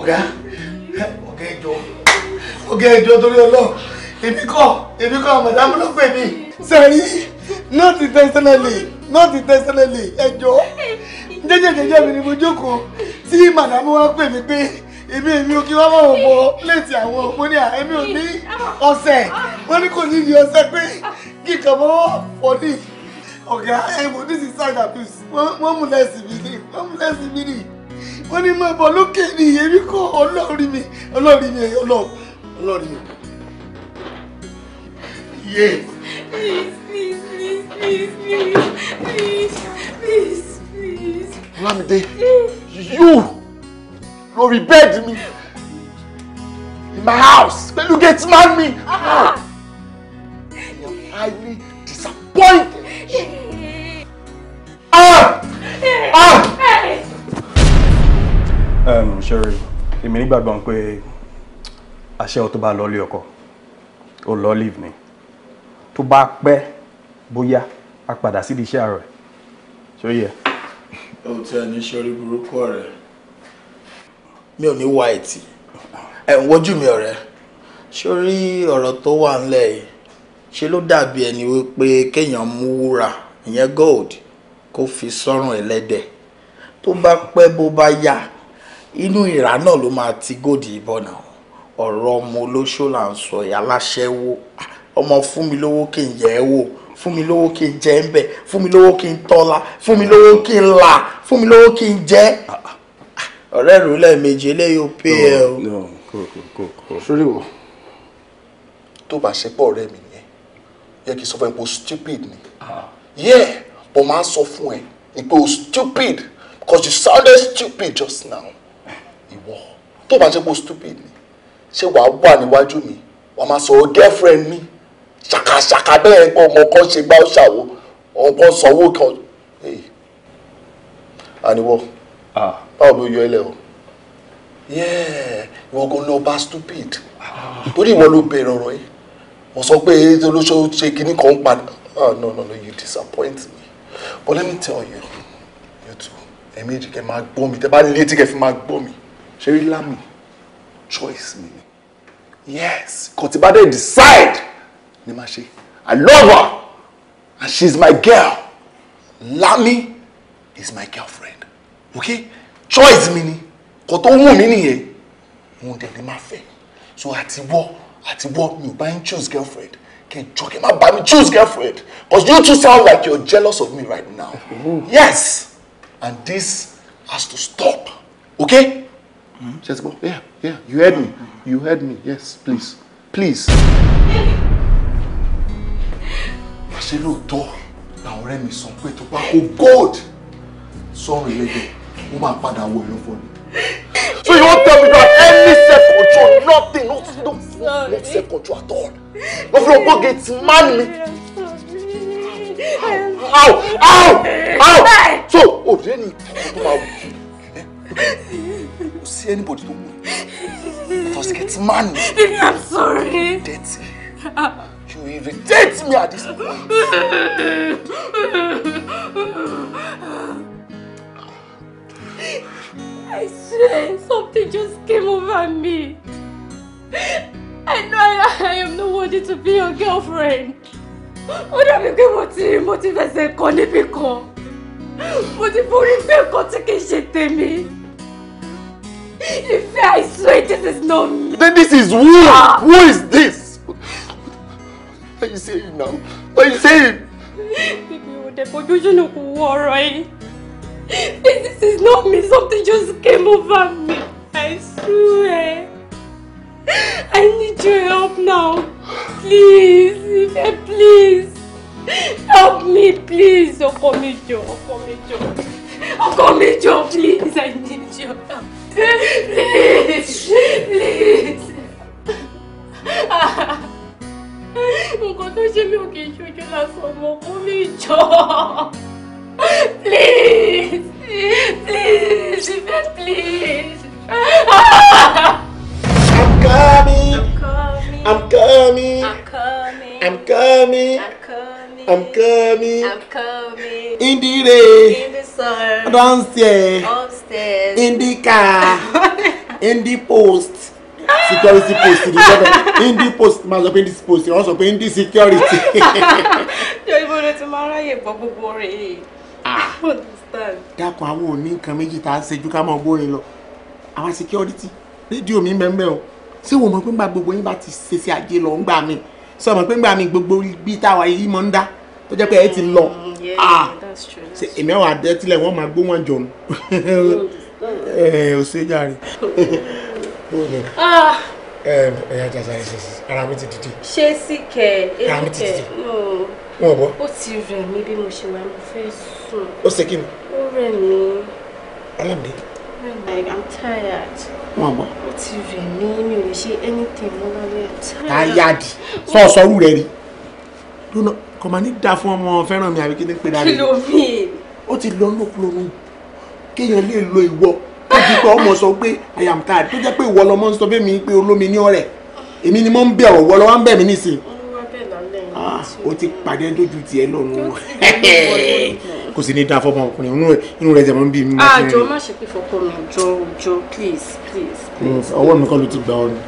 ọ̀gá ọ̀gá ẹ̀jọ́ torí ọlọ́run èmi kọ́ èmi kọ́ màdàmú ló pè mí. sẹ́rí not intentionally not intentionally ẹ̀jọ́ jẹ́jẹ́jẹ́jẹ́ mi ni mo jókòó tí màdàmú wa pè mí pé èmi èmi ò kí wọ́n mọ̀ wọ́n bọ́ léètì àwọn òpó ní à èmi ò ní ọ̀sẹ̀ wọ́n ní kò ní ìdí ọ̀sẹ̀ pé kí n kàn mọ́ fọ́ọ̀dì ọ̀gá this is side abuse wọ́n mú lẹ́sìn mi ni wọ́n mú lẹ́sìn mi ni wọ́n ní mọ̀ bọ́ lókè ni èmi kọ́ ọlọ́ọ̀rí mi ọlọ́ọ̀rí mi ọlọ́ọ̀ Lord Yes. Please, please, please, please, please, please, please, please. Olamide, you lórí bẹ́ẹ̀dì mi in my house You get mad me. Ah. You're highly disappointed. Ah! Ah! Um, Sherry, èmi nígbàgbọ́ pé aṣẹ́wó tó bá lọ́ọ́lé ọkọ ó lọ́ọ́ leave ni tó bá pẹ́ bóyá a padà sí iṣẹ́ ààrẹ ṣó yẹ. ó tẹ ní sọrí burúkú ọ̀rẹ́ mi ò ní wáìtì ẹ̀ ń wojú mi ọ̀rẹ́ sórí ọ̀rọ̀ tó wà ńlẹ̀ yìí ṣe ló dàbí ẹni wípé kéèyàn mú wúrà ìyẹn gold kó fi sọ́rùn ẹlẹ́dẹ̀ tó bá pẹ́ bó bá yá inú ìrà náà ló máa ti gold yìí bọ̀ náà ọ̀rọ̀ ọmọ olóṣó là ń sọ yìí aláṣẹ́wó ọmọ fún mi lówó kí n yẹ̀ ẹ́ wò fún mi lówó kí n jẹ́ ń bẹ̀ fún mi lówó kí n tọ́lá fún mi lówó kí n là fún mi lówó kí n jẹ́ ọ̀rẹ́ rò lẹ́ẹ̀mejì eléyìí ò pé ẹ o. sórí wo tó bá ṣe pọ̀ ọ̀rẹ́ mi nìyẹn yẹ kí n sọ fún ẹ pé o stupid ni yẹ mo máa ń sọ fún ẹ pé o stupid because you sounded stupid just now ìwọ tó bá ṣe pé o stupid ni ṣé wàá wà níwájú mi wàá máa sọ̀rọ̀ oh, girlfriend mi ṣàkàṣàkà bẹ́ẹ̀ pé ọmọ kan ṣe gbá ṣàwó ọmọ kan sanwó kan àníwọ ah. báwo ló yọ ẹlẹ o ìwọ kò lọ bá stupid ah. torí ìwọ ló bẹ̀rẹ̀ ọ̀rọ̀ yìí mo sọ pé olóṣó ṣe kinní kan ń padà ah no no no you disappoint me but let me tell you you too ẹ̀mí èjì kẹ́ máa gbọ́ mi tẹ́ bá létí kẹ́ fi máa gbọ́ mi ṣe rí lámì choice mi yes kò tí bá decide ni máa ṣe i love her and she is my girl lami is my girlfriend okay choice mi ni kò tó wù mí nìyẹn mo dẹ̀ ni máa fẹ́ so àti wọ́ àti wọ́ mi ò bá ń choose girlfriend kí n jọ kí má bá mi choose girlfriend cause you too sound like you're jealous of me right now *laughs* yes and this has to stop okay ṣe ti gbọ́ yeah yeah you heard me you heard me yes please please. I àṣé lóòótọ́ now let me some way to bá kó gold sọ̀rọ̀ ìlẹ́gbẹ̀ẹ́ ó máa padà wọ ìlọ́fọ̀ ni. So you won't tell me about any self-control, nothing, no, no, no, self-control at all. No from go get man me. How? How? How? How? So, oh, then he You see anybody tó wù just get money. Baby, I'm sorry. Dirty. You irritate me at this point. I swear something just came over me. I know I, I am not worthy to be your girlfriend. What have you mo to mo ti fẹsẹ̀ kọ níbì kan. Mo ti forí fẹ́ kan tí kì í ṣe tèmi. If I swear this is not me. Then this is who? Ah. Who is this? What are you saying now? What are you saying? Baby, what the confusion of right? This is not me. Something just came over me. I swear. I need your help now. Please, Ife, please. Help me, please. Ọkọ mi jọ̀ọ́, please. I need your help please please nǹkan tó ṣe mí ò kì í ṣojú lásán ọmọ kó mi jọ please please please. I'm coming. I'm coming. I'm coming. I'm coming. I'm coming. I'm coming. I'm coming. I'm coming. In the rain. In the sun. Downstairs. Upstairs. In the car. in the post. security post ni sọ́dọ̀ indi post máa sọ this post You also pé the security. *laughs* yóò ibo ló ti máa ráyè gbọ́ gbogbo rẹ̀ yìí. Ah. dákun àwọn òní nǹkan méjì tá a ṣẹ́jú ká máa gbórin lọ àwọn security rédíò mi ń bẹ́ẹ̀ o ṣé wọ́n back pé gbogbo yín bá ti ṣe sí ajé sọ ma pé ń gbà mí gbogbo bí táwa yìí mọ̀ ń dá tó jẹ́ pé ẹ ti lọ mm, ah, èmi àwọn àdẹ́tílẹ̀ wọ́n máa gbóhùn àjọ nù ẹ ò ṣe jàre ẹ̀yà jàjà ìṣẹ̀ṣẹ̀ ara mi ti dìde. ṣé síkẹ̀ èkìtẹ̀ wọn bọ. ó ti rẹ̀ mí bí mo ṣe wà mo fẹ́ sùn. ó ṣe kí ni. ó rẹ̀ mí. alámì. I'm tired wọn gbọ́. ó ti rẹ̀ mí mi ò lè ṣe anything mọ́ lálẹ́. táyàdì sọ ọ̀sọ́rù rẹ̀ rí lónà kò máa ní dá fún ọmọ fẹ́ràn mi àbí kí ní pè dáre. kí ló fi è. ó ti lọ lókulóru kéèyàn lè lo ìwọ ó ti pé ọmọ sọ pé i am tired tó jẹ́ pé ìwọ lọmọ ń sọ fún mi pé olómi ní ọ̀rẹ́ èmi ni mo ń bẹ̀ ọ̀wọ́ lọ́wọ́ ń bẹ̀ mí nísìnyí o ti pàdé lójú tiẹ̀ lọ́nu *laughs* kò sí ní dáa fọmọ ọkùnrin inú rẹ̀ jẹ̀mọ́ ń bí mi. àjọ ah, má ṣe pé fọkọ mi jọ jọ please please. ọwọ́ mi kọ́ ló ti gbà ọ́ ni.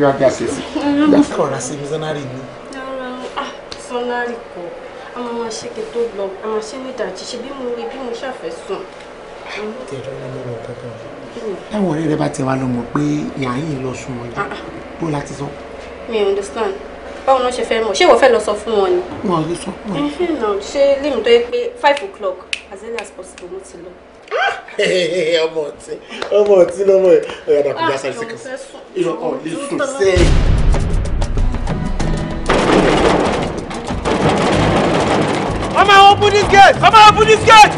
yóò dá sí i. yóò kọ̀ ra sí missionary ni. sọ́nárì ah, kọ́ a máa ma ṣe kí n tó lọ a máa ṣe ní ìdájí ṣe bí mo rí bí mo ṣàfẹ́ sùn. tẹ̀lé ọmọ mi kankan. táwọn ọ̀rẹ́ rẹ bá ti wá lọ mọ̀ pé yàrá yìí lọ sùn wọn jù ah, bó láti sọ. mi understand báwo ló ṣe fẹ́ mọ̀ ṣé ìwọ fẹ́ lọ sọ fún wọn ni. wọn lè sọ. ṣé límù tó yẹ pé five o'clock as early as possible mo ti lọ. Ah! *laughs* ọmọ ọtí ọmọ ọtí lọmọ ẹ ọyà dàkúndà sáré sí kan ìrọkọ ah, lè sùn sẹ́yìn. Mama, open this gate! Mama, open this gate!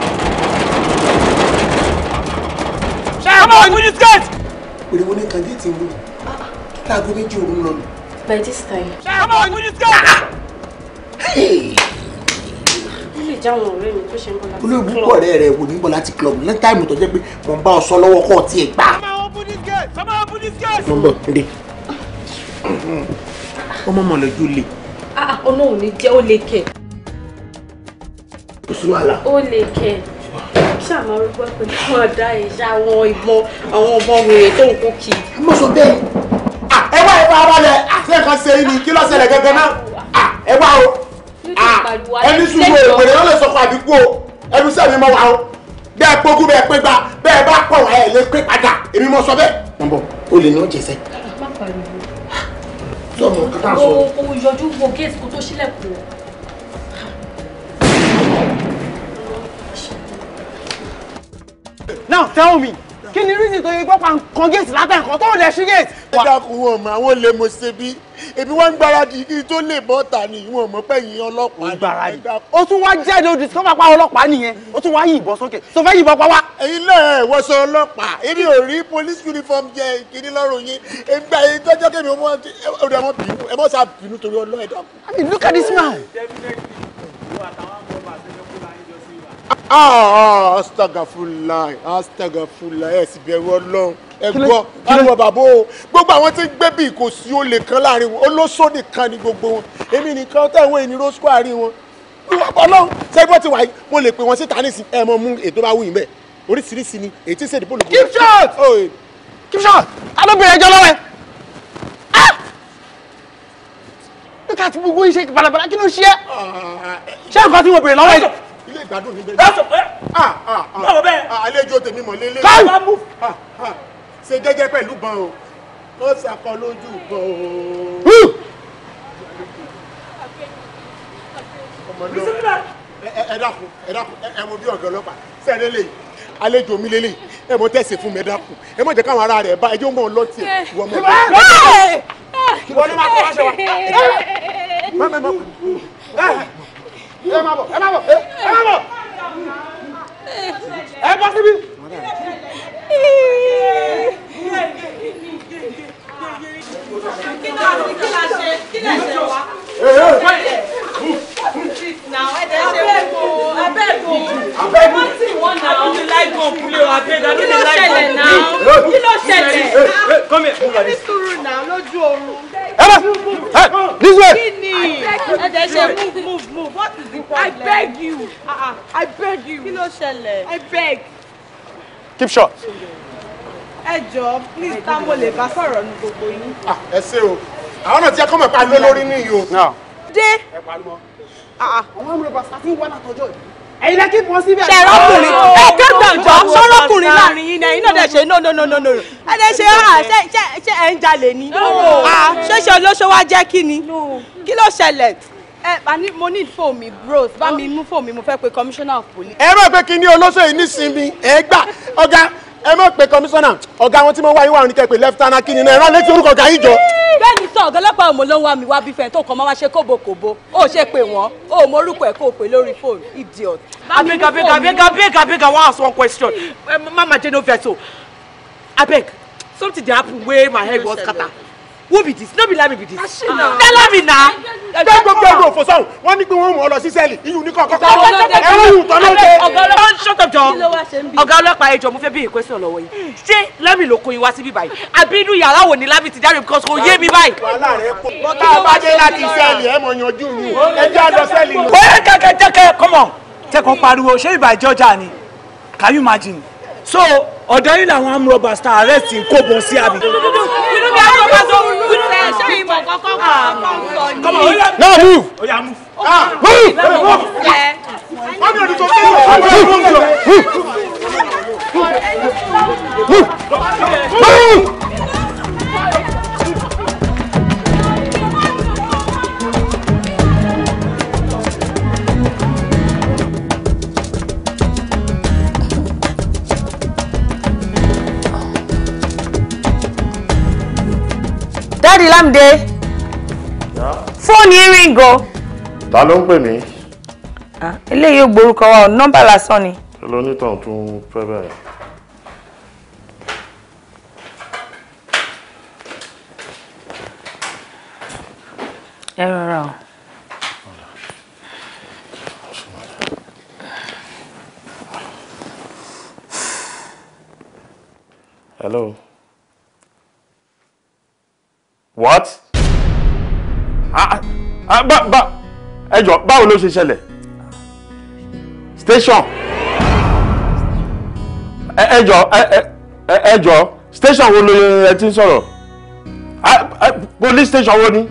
Mama, open this gate! Òrìwọ́n ní kàdé ti ń lò. Láago méjì òun lọ nù. By this time. Come on, we just go! olóògbé púpọ̀ rẹ̀ rẹ̀ wò ní bọ́lá ti club ní táìmù tó jẹ́ pé mò ń bá ọ sọ lọ́wọ́ kọ́ ọtí ẹ̀ gbà. nọmbọ rè ọmọ mọ̀lẹ́jú le. ọlọ́run ní jẹ́ ó lè kẹ̀. kò sí wàhálà. ó lè kẹ̀ ṣàmọ́ rúgbọ́ pẹ̀lú ọ̀dà ìṣàwọn ìbọn àwọn ọmọ wèrè tó ń kó kì í. ẹ má sọ bẹ́ẹ̀ farabalẹ̀ àtẹ̀kan ah, ṣe ni kí ló ṣẹlẹ̀ gẹ́gẹ́ náà ah, ẹ wá o ah, ẹni ṣùgbọ́n òpèrè ló lè sọkọ àbíkú o ẹnu sẹ́mi mọ́ wa o bẹ́ẹ̀ pogún bẹ́ẹ̀ pé gbà bẹ́ẹ̀ bá pọ̀ wá ẹ̀ lè pé padà èmi mọ́ sọ bẹ́ẹ̀. wọ́n bọ̀ o lè ní oúnjẹ sẹ́. sọmọ kátà sọ. o yọjú wo géètì kó tó ṣílẹ̀kùn o. Now tell me kí ni reason tó yẹ pé pa nǹkan géètì látà nǹkan tó lè ṣí géètì. ẹ dákun wọn mọ àwọn lè mo ṣe bí èmi wọn ń gbáradì kí tó lè bọ́ ta ni ìwọ̀n mọ́ pẹ̀yìn ọlọ́pàá ni. gbáradì o tún wá jẹ́ ẹni odò tí wọ́n bá pa ọlọ́pàá nìyẹn o tún wá yìnbọn sókè tó fẹ́ yìnbọn pa wá. ẹ̀yin náà ẹ wọṣọ ọlọ́pàá èmi ò rí police uniform jẹ ìkíní lọ́rùn yín ìgbà yìí tọ́jọ́ kẹ́mi ọmọ ọdọ ẹ̀mọ́ bínú ẹ̀mọ́ sá look at this man astagafula ah, astagafula ẹ sì bẹ̀rù ọlọ́run ẹ gbọ́ àwọn bàbá o gbogbo àwọn tí ń gbé bíi kò sí olè kan láàrin wọn olóṣó nìkan ni gbogbo wọn èmi nìkan táwọn ènìyàn ló sọ àárín wọn ọlọ́run sẹ́gbọ́n ti wà yìí mo lè pè wọ́n síta nísìn ẹ̀ mọ̀ mú ètò bá wù yín bẹ́ẹ̀ oríṣiríṣi ni èyí tí ń ṣèdìbò lògbò. keep short keep short alóbìnrin ẹjọ́ lọ́wọ́ ẹ̀ nígbà tí gbogbo iṣẹ́ balabala kí ló ṣe é ah, ah, ṣé nǹkan tí mo bèrè lọ́wọ́ ẹ̀ ilé ìgbádùn níbẹ̀. ẹ pé báwo ah, ah, ah. bẹ́ẹ̀. àlejò tèmi mọ̀ lélẹ̀. káyọ̀ bá mú. ṣe jẹ́jẹ́ pẹ̀lú bọ́n o ó ṣàkọ lójú bọ́n o. ọmọdé ẹ dákun ẹ dákun ẹ mú bí ọ̀gá ọlọ́pàá sẹ́ẹ̀lẹ́ lè mi lélẹ̀ ẹ mọ tẹ̀sí fún mi ẹ dákun ẹ mọ jẹ́ káwọn ará rẹ̀ bá ẹjọ́ mọ̀ ọ́ lọ́tì ẹ̀ wọ́n mọ̀ ọ́. wọ́n ní máa wá ṣe wa ẹ má bọ̀ ẹ má bọ̀ ẹ má bọ̀ ẹ bọ́ síbí. kí ló ṣe kí ló ṣe kí ló ṣe wá. Now, I beg you, I beg you. I beg you. One thing, one now. You like gun, pull your abeg. I don't like gun. Kí ló ṣẹlẹ̀ now. Kí ló ṣẹlẹ̀. Come here. come here. ṣẹlẹ̀ now lójú oorun. Emma! Hey, this way! I beg you. Move, move, move. What is the problem? I beg you. Uh-uh. Ah, I beg you. Kí ló I beg. Keep short. Ẹ jọ̀ọ́, please, táwọn olè bá sọ̀rọ̀ nu gbogbo yín. Ẹ ṣe o. Àwọn náà ti ẹ kọ́ mọ̀ pa ní iyo. Dé. Ẹ pariwo. Ah, ah. Àwọn ọmọ rẹ̀ bá sá fún látọjọ́ yìí ẹ̀yin lẹ́kí pọ̀ síbẹ̀. ṣe rọ́kùnrin oh, ẹ dẹ́gbẹ̀ ọ̀jọ́ sọ rọ́kùnrin láàrin yín náà iná dẹ̀ ṣe no no no no no ẹ dẹ̀ ṣe ah ṣe ṣe ṣe ẹ̀ ń jalè ni. ah ṣéṣe olóṣó wa jẹ́ kí ni kí ló ṣẹlẹ̀ ẹ mo ní fóònù mi bros bá mi mú fóònù mi mo fẹ́ pe commissioner of police. ẹ rọ pé kí ni olóṣèlú nísìnyí ẹ gbà ọ̀gá ẹ má pe kọmíṣánná ọ̀gá wọn tí mo wá yín wà ní kẹ́pẹ́ lẹ́fítánà kí ni náà ẹ̀rọ létí orúkọ ọ̀gá yín jọ. bẹ́ẹ̀ni sọ ọ̀gá ọlọ́pàá òmò ló ń wá mi wá bífẹ tó kàn máa wá ṣe kóbokòbo ó ṣe pé wọn ó mọ orúkọ ẹ kó o pè lórí fóònù idiot. abega abega abega abega abega wan ask one question mama jane no vex o abeg something dey happen wey my head wan scatter who be this no be lami be this na lami na. jẹ́ gbogbo ẹgbẹ́ òfò sọ̀hún wọ́n ní pé wọ́n mú ọ lọ sí sẹ́ẹ̀lì iyùn ní kọ̀ọ̀kan kọ́ ẹ̀rọ ìhùn tán ló dé. ọ̀gá ọlọ́pàá ẹjọ́ mo fẹ́ bí ìkwẹ́sì ọ̀lọ́wọ́ yìí ṣé lami ló kó iwá síbí báyìí àbí inú yàrá wò ni lami ti dáre because kò yé mi báyìí. bọ́tà bá dé láti sẹ́ẹ̀lì ẹ̀ mọ̀ yanjú yìí ẹ jẹ́ àlọ́ sẹ́ẹ̀lì lọ. bóyá kẹ́kẹ́ jẹ́kẹ́ kọ́mọ̀ tẹkọ̀ pariwo ṣé ìbàjẹ́ ọjà ni can you imagine so ọ̀dọ́ yìí làwọn amúrọ̀bà star arrest ń kó bọ̀ sí àbí. inú mi á lọ bá ṣe ìmọ̀ kọ́kọ́ ah. kọ́ ń sọ ni. Come on, now move. Oh, yeah, move. Ah, ah. move. Move. Ọ̀nà ìlú tó tẹ́lẹ̀ ọ̀nà ìlú tó tẹ́lẹ̀. Move. Move. Move. Daddy, Lámìdé fóònù yín ring o. ta ló ń pè Ah, eléyìí ò gborúkọ wa number nọ́mbà lásán ni. lónítàn tún fẹ́ bẹ̀rẹ̀. ẹ rọra o. hello what? Ah, ah, ah ẹ ba báwo ló ṣe ṣẹlẹ̀ station ẹ jọ ẹ jọ station wo ló ẹ ti ń sọ̀rọ̀ ah, police station wo ni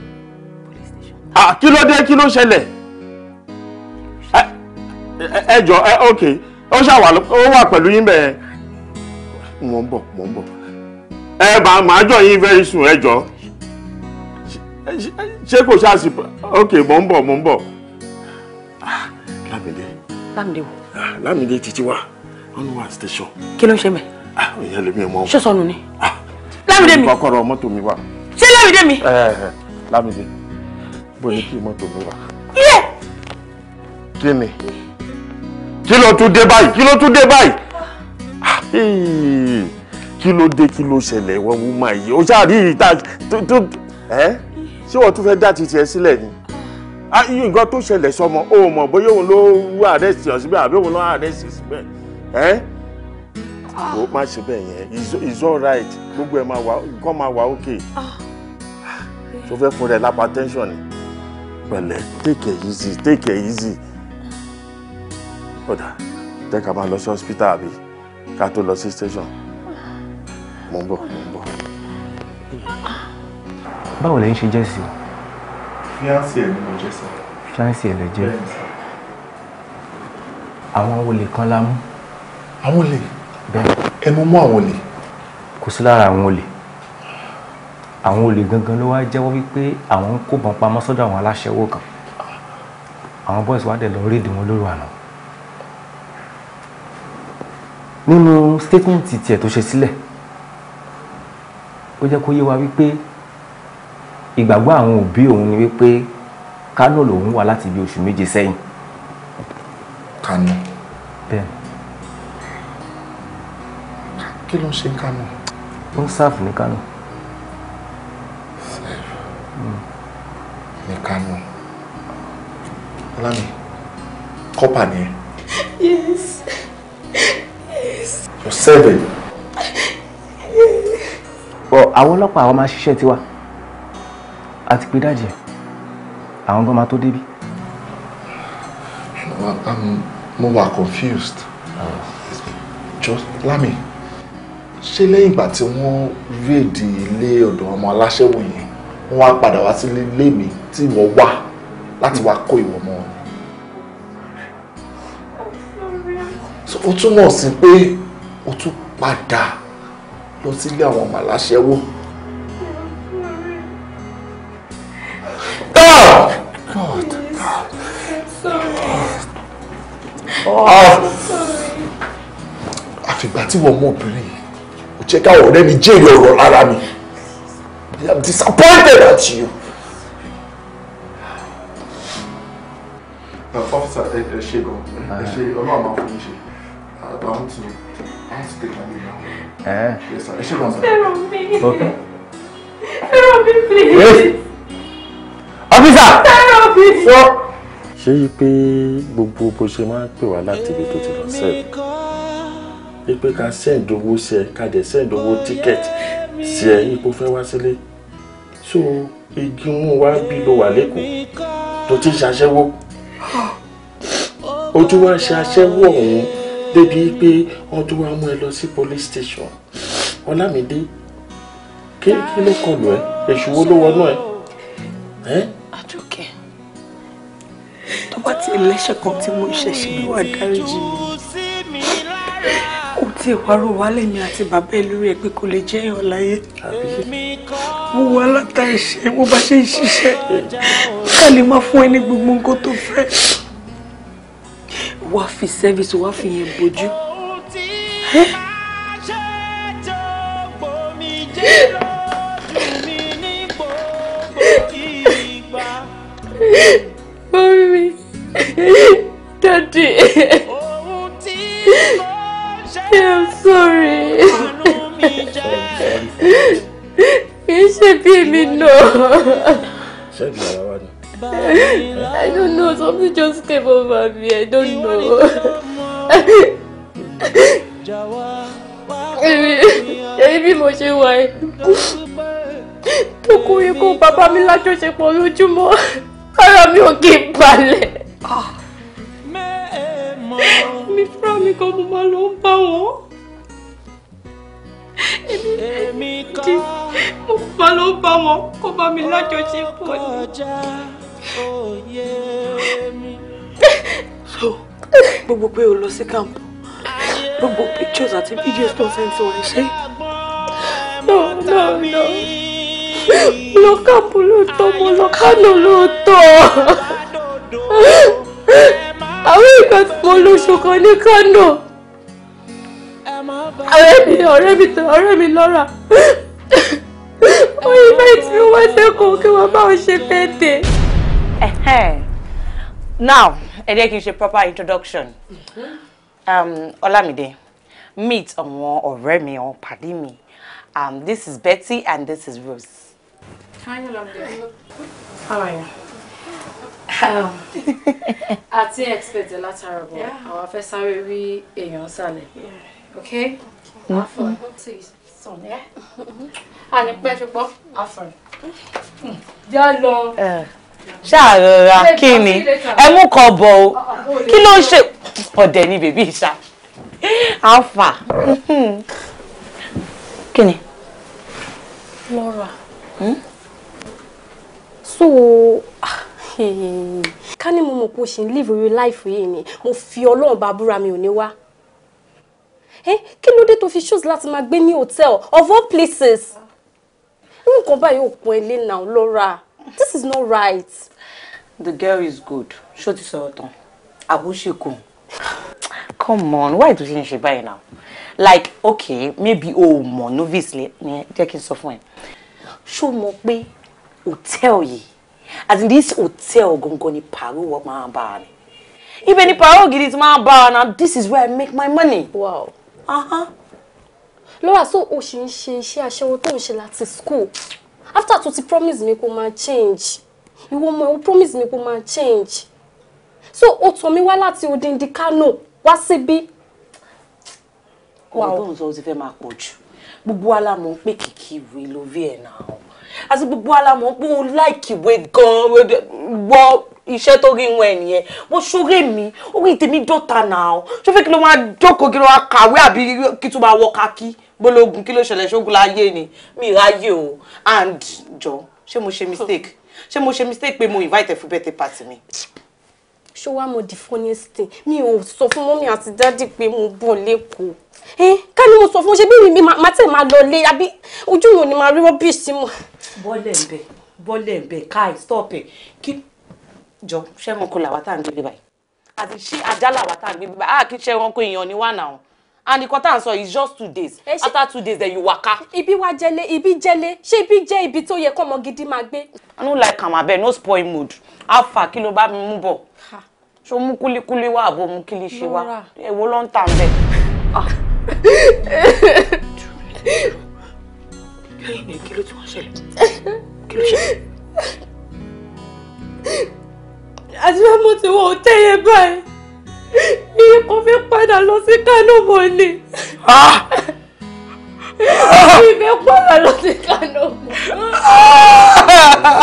kí ló dé kí ló ṣẹlẹ̀ ẹ jọ ẹ ok ó ṣàwà ó wà pẹ̀lú yín bẹ́ẹ̀ mò ń bọ̀ mò ń bọ̀ ẹ bá màá jọ yín very soon ẹ jọ ṣé kò ṣáàṣì ok mò ń bọ̀ mò ń bọ̀ lámìdé lámìdé wò ah, lámìdé títí wá wọn wà station. kí ló ń ṣe mẹ́. Ah, ìyá lèmi ò mọ wọn. ṣé sọnù ni. Ah. lámìdé mi kọ́kọ́rọ́ mọ́tò mi wà. ṣé lámìdé mi. Eh, eh, eh. lámìdé bó ni kí mọ́tò mi wà. ilé. kí ni kí ló tún dé báyìí kí ló tún dé báyìí kí ló dé kí ló ṣẹlẹ̀ wọ́n wú máa yẹ o ṣáà rí ìta tó ṣé wọ́n tún fẹ́ dá titi ẹ sílẹ̀ ni ah, iye nǹkan tó ṣẹlẹ̀ sọmọ o mọ̀ bóyá òun ló wú àrẹ́sì ọ̀ síbẹ̀ àbí òun ló àrẹ́sì síbẹ̀ ẹ́ o má ṣe bẹ́ẹ̀ yẹn it's all right gbogbo ẹ̀ máa wà nǹkan máa wà okay tó fẹ́ fún rẹ̀ lápá tension ni pẹ̀lẹ́ take it easy take it easy ọ̀dà jẹ́ ká máa lọ sí hospital àbí ká tó lọ sí station mo ń bọ̀ mo ń bọ̀ báwo lẹ́yìn ṣe jẹ́ sí i. fíánsì ẹ̀ ni mo jẹ́ sọ. fíánsì ẹ̀ lè jẹ́ àwọn olè kan la mú. àwọn olè bẹ́ẹ̀ ẹnu mú àwọn olè. kò sí lára àwọn olè àwọn olè gangan ló wá jẹ́wọ́ wípé àwọn ń kó bọn pamọ́ sọ́dọ̀ àwọn aláṣẹwó kan àwọn bọ́ọ̀sì wá dẹ̀ lọ rédè wọn lóru àná nínú statement tiẹ̀ tó ṣe sílẹ̀ ó jẹ́ kó yé wa wípé ìgbàgbọ́ àwọn òbí òun ni wípé Kánò lòun wà láti bí oṣù méje sẹ́yìn. Kánò. bẹ́ẹ̀. kí ló ń ṣe Kánò. ó ń sáàfù ní Kánò. ní Kánò Ọlámi kọ́pà ni yes yes. you're seven. àwọn ọlọ́pàá àwọn máa ṣiṣẹ́ tiwa àti pé dájẹ́ àwọn gan máa tó débí. mo wà confused just lámì ṣé lẹ́yìn ìgbà tí wọ́n rédè ilé ọ̀dọ̀ ọmọ aláṣẹ́wò yẹn wọ́n á padà wá sílé ilé mi tí ìwọ wà láti wá kó ìwọ mọ́ ọ. ó túmọ̀ sí pé ó tún padà lọ sílé àwọn ọmọ aláṣẹ́wò. Oh! God. I'm sorry. Oh. I'm sorry. Àfìgbà tí wọ́n mú obìnrin yìí, kò jẹ́ ká ọ̀rẹ́ mi jèrè ọ̀rọ̀ lára mi. I am disappointed at you. Ọ́fíìsà ẹ ṣe gan, ẹ ṣe ọlọ́run máa fún mi ṣe. I want to, I want my leave now. Eh? Ẹ ṣe gan. Fẹ́ràn mi. Fẹ́ràn mi, please sà. ṣé yí pé gbogbo bó ṣe máa ń pè wá láti ibi tó ti lọ sẹ́ẹ̀dì pípé ká sẹ́ẹ̀dì owó sí ká dẹ̀ sẹ́ẹ̀dì owó tíkẹ́ẹ̀tì sí ẹ ipò fẹ́ wá sílé so igi mú wá bí lo wà lẹ́kọ̀ọ́ tó ti ṣàṣẹ́wó ojú wa ṣe aṣẹ́wó ọ̀hún débi pé wọ́n tún wá mú ẹ lọ sí police station ọlámídé kí ló kọlù ẹ èṣù wo ló wọnú ẹ tó bá ti lẹ́ṣẹ̀ kan tí mo ṣẹ̀ṣẹ̀ ní wà dáríjì mi kò tí ì wárò wálé mi àti bàbá ẹ lórí ẹ pé kò lè jẹ́ èèyàn láyé mo wà látà ìṣe mo bá ṣe ń ṣiṣẹ́ ká lè má fún ẹ ní gbogbo nǹkan tó fẹ́ wá fi sẹ́fíìsì wá fi yẹn bojú. Yeah. *laughs* *laughs* Daddy. *laughs* I'm sorry. *laughs* Kì í ṣe bí èmi I don't know, something just came over me, I don't know. Èmi mo ṣe wà ẹ́. Tó Papa, ikú bàbá mi lájọṣepọ̀ lójúmọ́, ara mi ò kí n mi fúnra mi kan mo máa lọ bá wọn èmi di mo máa lọ bá wọn kó bá mi lájọṣepọ̀ ni. so gbogbo pé o lọ sí camp gbogbo pictures àti videos tó ń send sí wọn ṣe. no no no lọ camp lóòótọ́ mo lọ kánò lóòótọ́. *gasps* àwọn ìgbà tí mo lo oṣù kan ní Kánò ọ̀rẹ́ mi ọ̀rẹ́ mi tẹ ọ̀rẹ́ mi lọ́ra ó yí bẹ́ẹ̀ tí wọ́n sẹ́kọ̀ọ́ kí wọ́n bá wọn ṣe fẹ́ẹ́ dé. now ẹ jẹ́ kí n ṣe proper introduction Ọlámídé um, meet àwọn ọ̀rẹ́ mi àwọn pàdé mi um, this is Betty and this is Rose. Hi, Olamide. How are you? àti um, *laughs* expect ẹ látara bọ̀ àwọn afẹ́ sáré rí èèyàn sálẹ̀ ok afọ tí sàn ẹ́ àní pẹ́ ṣùgbọ́n afọ yá lọ. ṣàrọ̀ra kí ni ẹ mú kọ bọ̀ o ah, ah, ah, kí ló ń ṣe ọ̀dẹ̀ ni bèbí ìṣá alfa mm-hmm. kí ni. Laura. Hmm? so. Ah ká ní mo mọ̀ pé o ṣì ń live your life yìí ni mo fi ọlọ́run bá búra mi ò ní wá kí ló dé tó fi choose láti máa gbé ní hotel of all places nǹkan báyìí ò pọn ilé náà lọ́ra this is not right. the girl is good ṣó ti sọ̀rọ̀ tán àbúṣekù come on why do you ṣe báyìí now like okay maybe o oh, mọ̀ novice ni jẹ́ kí n sọ fún ẹ ṣó mọ̀ pé hòtẹ́ẹ̀lì yìí as in this hotel Gongoni paro work máa bá ni ibẹ̀ paro get ti máa bá na this is where i make my money. wow. Uh-huh. Laura so o she, she, she iṣẹ́ aṣẹ́wó tó ń ṣe school after tó ti promise mi come máa change ìwọ ọmọ ìwọ promise mi come máa change so o tàn me while láti odindi Kano wá síbí. ọ̀rọ̀ tó ń sọ ó ti fẹ́ máa pọ̀ gbogbo alámọ̀ ń pè kìkì ìwé lórí ẹ̀ àti gbogbo alamọ̀ pé o láìkì ìwé gan-an wọ iṣẹ́ tó rí wọn ẹ̀nìyẹn wọ́n ṣoré mi orí tèmi dọ́ta náà ṣó fẹ́ kí ló máa jókòó kí ló máa kàwé àbí kí tó máa wọ kakí gbólógun kí ló ṣẹlẹ̀ ṣógun láyé ni mi ráyè o and jọ ṣé mo ṣe mistake ṣé mo ṣe mistake pé mo invite ẹ fún birthday party mi. ṣó wàá mo the funniest thing mi ò sọ fún mọ́mí àti dádì pé mo bọ̀ lẹ́kọ̀ọ́ ẹ ká ní mo sọ fún ṣe bí mi máa tẹ̀ máa lọ lé àbí ojú mi ò ní máa rí rọ́bìṣì mọ́ bọ́lẹ̀ ń bẹ̀ bọ́lẹ̀ ń bẹ̀ káì stop ẹ̀ kí jọ ṣẹ́wọ̀n kó làwa tá à ń gbé báyìí àti ṣí ajá làwa tá à ń gbé báyìí àá ah, kí ṣẹ́wọ̀n kó èèyàn ní wà náà and the contact sọ is just two days after two days then you waka. ibi wa jẹlé ibi jẹlé ṣé ibi jẹ ibi tó yẹ kọmọ gidi máa gbé. i no like am abeg no spoil mood afa kí ló bá mi mú bọ̀ ṣó mú kúlíkúlí wá àbò mú kílí ṣe wá èwo ló ń tà ń bẹ. Ah. *laughs* lẹ́yìn ní kí ló ti wọ́n ṣẹlẹ̀ *laughs* kí ló ṣẹlẹ̀. àti bá mo ti wọ òtẹ́ yẹn báyìí mi kò fẹ́ padà lọ sí Kánò mọ́ ni ah! mi fẹ́ padà lọ sí Kánò mọ́. Ah!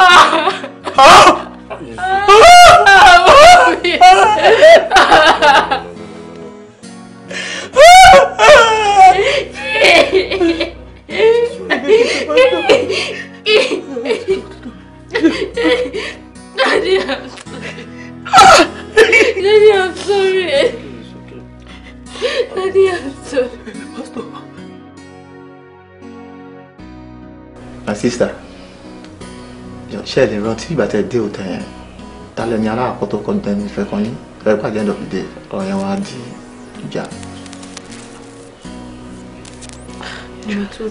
Ah! àti ìgbà tẹ dé òtẹ yẹn talẹ̀ ni aláàkọ́ tó kọ́ nípa ẹni fẹ́ kan yín fẹ́ pàdé end of the day ọ̀rọ̀ yẹn wá di ìjà. ẹni tó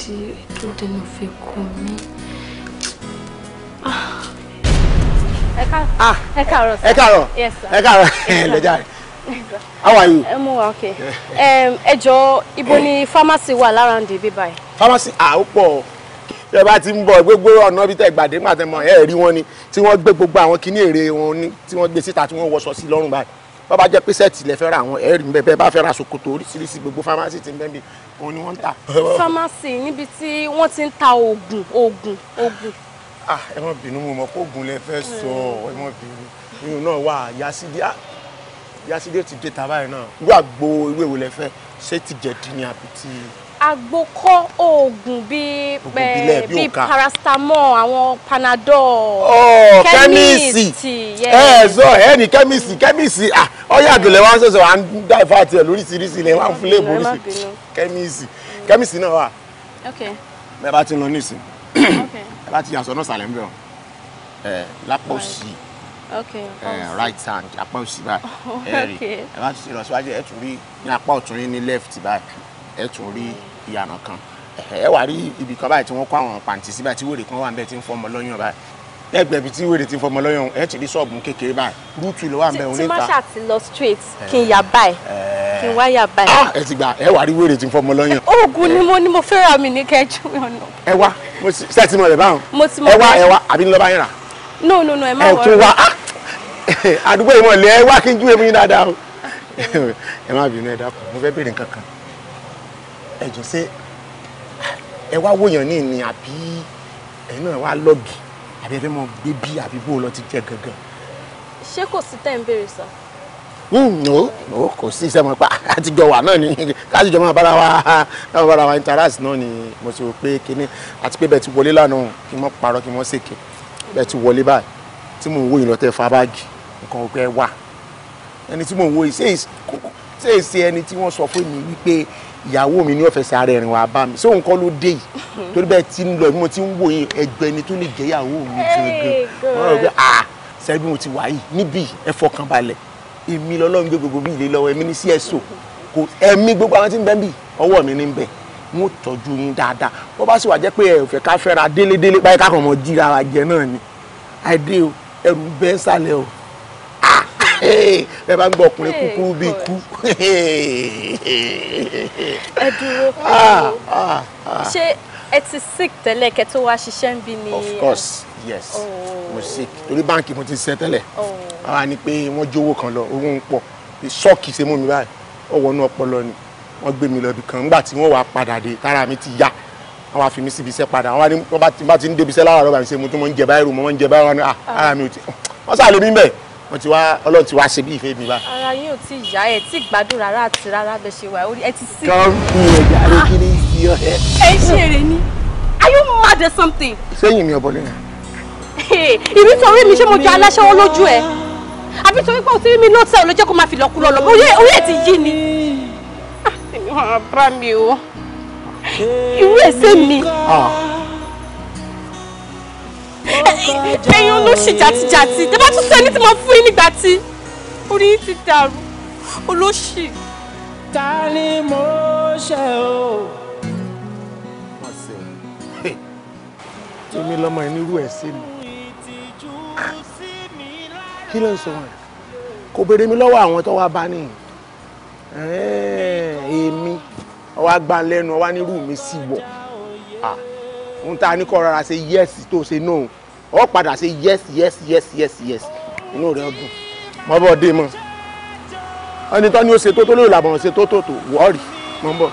di tó dẹnu fẹ́ kọ mí. ẹ káàárọ̀ ẹ káàárọ̀ ẹ káàárọ̀ *laughs* ẹ lẹ́jà rẹ̀ how are you. ẹ mú wa ok ẹ jọ ibo ni pharmacy wà lára ǹdí pharmacy à ah, ó pọ̀ tẹ ti ń bọ̀ gbogbo ọ̀nà bíi tẹ gbàdé nígbà tẹ mọ ẹ rí wọn ni tí wọ́n gbé gbogbo àwọn kíní èrè wọn ni tí wọ́n gbé síta tí wọ́n wọṣọ sí lọ́rùn báyìí bá bá jẹ́ pé sẹ́ẹ̀tì lẹ fẹ́ ra àwọn ẹ̀rí bẹ́ẹ̀ bá fẹ́ ra ṣòkòtò oríṣiríṣi gbogbo fámásì ti ń bẹ́ẹ̀ bí òun ni wọ́n ń tà. fámásì níbi tí wọ́n ti ń ta oògùn oògùn oògùn. ah ẹ má bínú mo mọ̀ pé lẹ fẹ́ sọ ẹ má bínú inú náà wà yasidi ah, yasidi ti dé tàbá náà irú àgbo ewé wo lẹ fẹ́ ṣé ti jẹ̀dí ni àbí ti agbo kọ́ oògùn bíi eh, bíi paracetamol àwọn panadol kẹ́míìsì ẹ sọ ẹ ní kẹ́míìsì kẹ́míìsì ọyọ àdùnlẹ̀ wa ń wa ń dá ìfà àti lóríṣiríṣi ilẹ̀ wa ń fún léèbù oríṣi kẹ́míìsì kẹ́míìsì náà wà bẹ́ẹ̀ bá ti lọ nísìn ẹ bá ti yàn sọ́nà sàlẹ̀ ń bẹ̀ lápò sí i okay uh, right hand apá òsì báyìí ẹ *laughs* eh, rí ẹ bá ti lọ síwájú ẹ tún rí ní apá ọ̀tún ní left báyìí ẹ tún rí ìyànà kan ẹ wà rí ibì kan báyìí tí wọ́n kọ́ àwọn pàǹtí sí báyìí tí wèrè kan wà ń bẹ̀ tí ń fọmọ lọ́yàn báyìí lẹ́gbẹ̀ẹ́ ibi tí wèrè ti ń fọmọ lọ́yàn ẹ ti rí ṣọ́ọ̀bù kékeré báyìí rúùtù ló wà ń bẹ̀ òun níta. tí ti lọ straight kí n yà báyìí kí n wá yà báyìí. Ah, ẹ ti gbà ẹ wà rí wèrè ti fọmọ lọ́yàn. oògùn ni mo ni mo fẹ́ ra mi ní kẹjú ọ̀nà. ẹ wá ẹ wá àbí ńlọ bá rà. no no no ẹ má wọrọ ẹ tún wá ah! *laughs* àdúgbò ìmọ̀lẹ́ ẹ wá kí n jú èmi dáadáa o ah, *laughs* ẹ má bínú ẹ dákun mo fẹ́ béèrè nǹkan kan ẹ̀jọ̀ ṣe ẹ wá wòyàn ní ìní àbí ẹ̀ náà wá lọ́ọ̀gì àbí ẹ fẹ́ mọ gbé bí àbí bó lọ ti jẹ gangan. ṣé kò sí tẹ́ ń béèrè sọ. ó hmm, kò sí iṣẹ́ mọ́ pa àtijọ́ wà náà ni káàtijọ́ máa bára wa máa bára wa interact náà ni mo ti rò pé kíní àti pé bẹ́ẹ̀ ti wọlé lánàá kí mo parọ́ kí mo ṣèké bẹ́ẹ̀ ti wọlé báyìí tí mò ń wòyàn lọ́tẹ̀ fa báàgì nǹkan ọgbẹ́ wà ẹni tí mò ń wòyàn ṣé èsì ẹni tí wọ́n sọ fún mi wípé ìyàwó mi ní ọ̀fẹ́sẹ̀ ara ẹ̀rìn wà bá mi sóhun kọ́ ló dé yìí torí bẹ́ẹ̀ tí ń lọ bí mo ti ń wò yín ẹgbẹ́ ni tó lè jẹ́ ìyàwó mi gangan wọ́n rọ̀ pé ah sẹ́yìn bí mo ti wà yìí níbí ẹ fọkàn balẹ̀ èmi lọ́lọ́run gbé gbogbo bíi ilé lọ́wọ́ èmi ní sí ẹ̀sọ́ kò ẹ̀mí gbogbo àwọn tí ń bẹ bí ọwọ́ mi ní bẹ̀ mo tọ́jú yín dáadáa bó bá sì wà jẹ́ pé ẹ ò fẹ́ ká fẹ́ra délédélé báyìí ká kàn mọ́ bẹ́ẹ̀ bá ń gbọ́ ọkùnrin kúkúrú bíi kú. ẹ dúró ah, ah, ah. ṣé ẹ ti sick tẹ́lẹ̀ kẹ́ tó wá ṣiṣẹ́ ń bí ni. of course yes oh. mo sick torí báǹkì mo ti ṣiṣẹ́ tẹ́lẹ̀ àwa oh. ni pé wọ́n jówó kan lọ owó ń pọ̀ ṣọ́ọ̀kì ṣe mú mi báyìí ó wọnú ọpọlọ ni wọ́n gbé mi lọ ibì kan nígbà tí wọ́n wàá padà dé tára mi ti yá wọ́n wàá fi mi síbi iṣẹ́ padà wọ́n bá ti ń débi iṣẹ́ láwàárọ̀ bá mi ṣe mo tún mọ́ ń jẹ báyìí rò mọ́ ń jẹ báyìí rò ah ara mi ò wọ́n sàlẹ̀ mi bẹ́ẹ̀ wọ́n ti wá ọlọ́run ti wá ṣe bí ìfẹ́ mi bá. ara yín ò tí ìyá ẹ tí gbádùn rárá àti rárá bẹ ṣe wà orí ẹ ti sí. kàn ń yẹ jàre kí ni yọ ẹ. ẹ ń ṣe èrè ni are you mad or something. sẹ́yìn mi ọ̀bọ lẹ́yìn. ìbí torí mi ṣé mo jọ aláṣẹ́wọ́ lójú ẹ àbí torí pé o ti rí mi lọ́tẹ̀ ò ló jẹ́ kó máa fi lọ́kú lọ́lọ́ orí ẹ ti yí ni. Ah, èmi ò bá mi ẹsẹ̀ mi. Ah ẹ̀yin olóṣì jàtijàti tẹ́ bá tún sọ ẹni tí mo fún yín nígbà tí orí yín ti dàrú olóṣì. ta ni mo ṣe o. èmi lọmọ ẹ nírú ẹ sí mi kí ló ń sọ wọn kò béèrè mi lọ́wọ́ àwọn tó wá bá nìyí èmi ọwọ́ agbálẹ́nu ọwọ́ nírú mi sì wọ̀ ah ohun tá a ní kọ́ rárá ṣe yes tó ṣe no ọ padà ṣe yes yes yes yes yes inú rẹ̀ dùn mọ́ bọ́ dé mọ́ ẹni tó ní ó ṣe tó tó lóò làbọ̀n ṣe tó tó tó wọ́ọ̀rì mọ́ bọ́.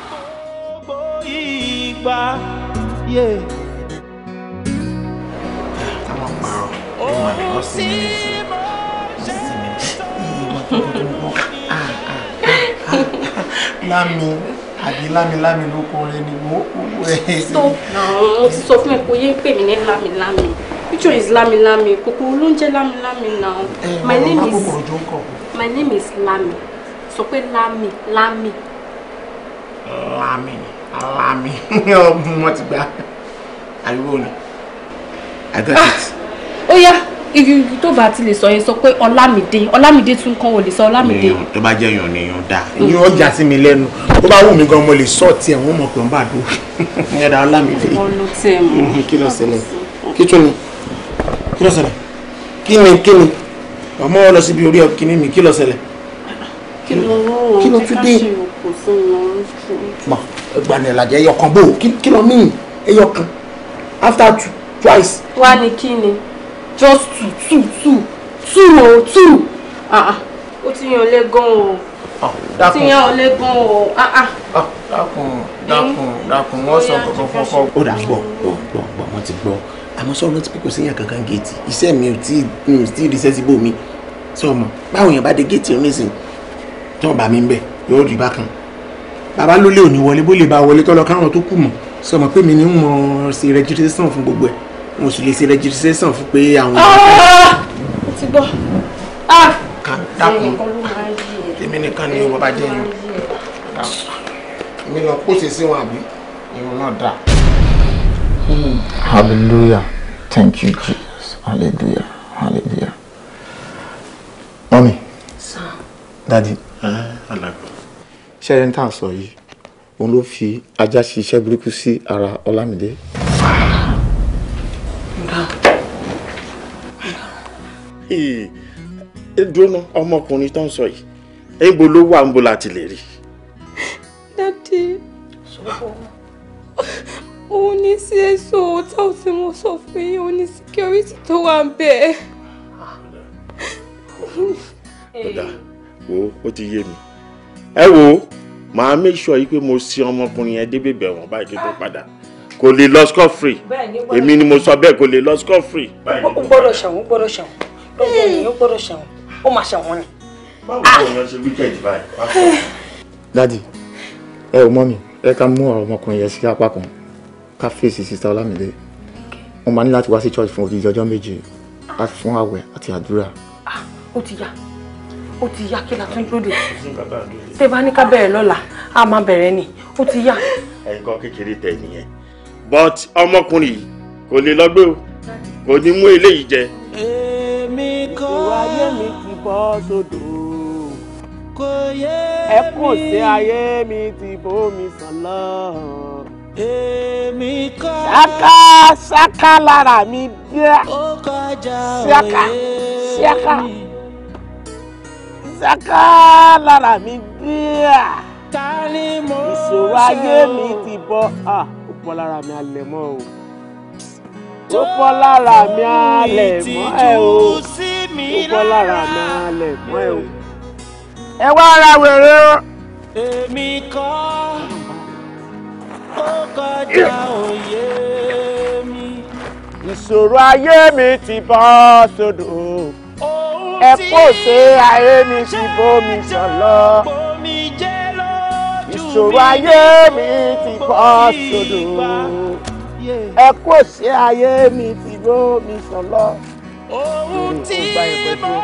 Lámi àbí lámilámi ló kọ rẹ ni mo kú ẹ. stop now mo ti sọ fún ẹ kó yé pè mí ní lámilámi which one is lámilámi kòkòrò ló ń jẹ lámilámi now. my name is my name is lami sọ pé lami lami. lami lami *laughs* ọmọ ti gba ariwo ni i got it. Ah, ó yá. Oh, yeah ibi tó bá ti lè sọ yẹn sọ pé ọlámìdé ọlámìdé tún kọ́ ò lè sọ ọlámìdé. mi tó bá jẹ́ èèyàn nìyàn dá. Mm. ìyẹn ọjà sí mi lẹ́nu tó bá wù mí gan mo lè sọ tiẹ̀ wọ́n mọ̀ pé ń bá dùn *laughs* ẹ̀dá ọlámìdé. Mm-hmm, kí ló ṣẹlẹ̀ kí tún ni kí ló ṣẹlẹ̀ kí ni kí ni ọmọ ọ lọ síbi orí ọkìnrin mi kí ló ṣẹlẹ̀. kí ló tún dé mọ gbanilajẹ ẹyọkan bò kí ló mí ẹyọkan after twice. wá ní kí ni just two two two two o oh, two ah, ah. ó ti yan ọlẹ́ gan-an o ah, ó ti yan ọlẹ́ gan-an Ah dákun dákun dákun wọ́n sọ kọ̀kọ́ fọ́fọ́. ó dà gbọ́ gbọ́ gbọ́ gbọ́ wọ́n ti gbọ́ àmọ́ sọ̀rọ̀ ti pé kò síyàn kankan géètì iṣẹ́ mi ò tí ì tí ì rí sẹ́síbò mi sọ̀mọ̀ báwọn èèyàn bá dé géètì oníṣìn tí wọ́n bá mi ń bẹ̀ yóò rí bákan bàbá ló lé òní wọlé bó lè bá wọlé tọ́lọ káwọn tó kù mọ̀ ma. pé mi ní mọ̀ ṣe rẹ́gírísàn fún gbogbo ẹ̀ mo sì lè ṣe registration fún pé àwọn. ó ah! ti bọ́ ah! kan dákun èmi nìkan ni wọ́n bá jẹ́ yín mi lọ kó sí wọn àbí irun náà dà. hallelujah thank you jesus hallelujah hallelujah. mọ́mí dádì ṣẹ́yìn tá a sọ yìí òun ló fi ajá ṣiṣẹ́ burúkú sí ara ọlámídé. Ah! dúró ọmọkùnrin tó ń sọ yìí níbo ló wà níbo láti lè rí. dádì òun ní sí èso ọ̀tá tí mo sọ fún yín òun ní síkírítì tó wà ń bẹ̀. ọ̀dà wo ó ti yé mi ẹ wo màá make yìí pé mo sin ọmọkùnrin yẹn débèbè ẹ̀wọ̀n báyìí kí n tó padà kò lè lọ scot free èmi ni mo sọ bẹ́ẹ̀ kò lè lọ scot free. O gbọ́dọ̀ ṣẹ̀wọ̀n ó gbọ́dọ̀ ṣẹ̀wọ̀n lọ́gbọ̀n ni ó gbọ́dọ̀ ṣẹ̀wọ̀n ó máa ṣẹ̀wọ̀n ni. báwo ni òun yẹn ṣe wíkẹ̀dì báyìí. dadi ẹ ò mọ mi ẹ ká mú ọ̀rọ̀ ọmọkùnrin yẹn sí apá kan ká fèsì sista Ọlámídé wọn máa ní láti wá sí church fún odidi ọjọ́ méje fún àwẹ̀ àti àdúrà. Ah, ó ti yá ó ti yá kí la tún lóde tẹ bá ní ká bẹ̀rẹ̀ lọ́la a máa bẹ̀rẹ̀ ni O ti yá. ẹ̀yin kan kékeré tẹ̀ nìyẹn but ọmọkùnrin yìí kò lè lọ gbé o kò ní mú eléyìí jẹ. èmi kọ́ ayé mi ti bọ́ sódò kò yé mi ẹkùn sí ayé mi ti bómi sàn èmi kọ́ ṣáká ṣáká lára mi díẹ̀ ṣáká ṣáká ṣáká lára mi díẹ̀ ìṣòro ayé mi ti bọ́. Ah pọ́ lára mi alẹ̀ mọ́ o ó pọ́ lára mi alẹ̀ mọ́ ẹ o ó pọ́ lára mi alẹ̀ mọ́ ẹ o ẹ wá ara wèrè o. èmi kọ́ ó kọjá òye mi. ìṣòro ayé mi ti bọ́ sódò ẹ̀pọ̀ ṣe ayé mi ti bọ́ mi sọ̀lọ́ ìṣòro ayé mi ti bọ́ sódò ẹ kò ṣe ayé mi ti gbó mi sàn lọ. ohun tí mo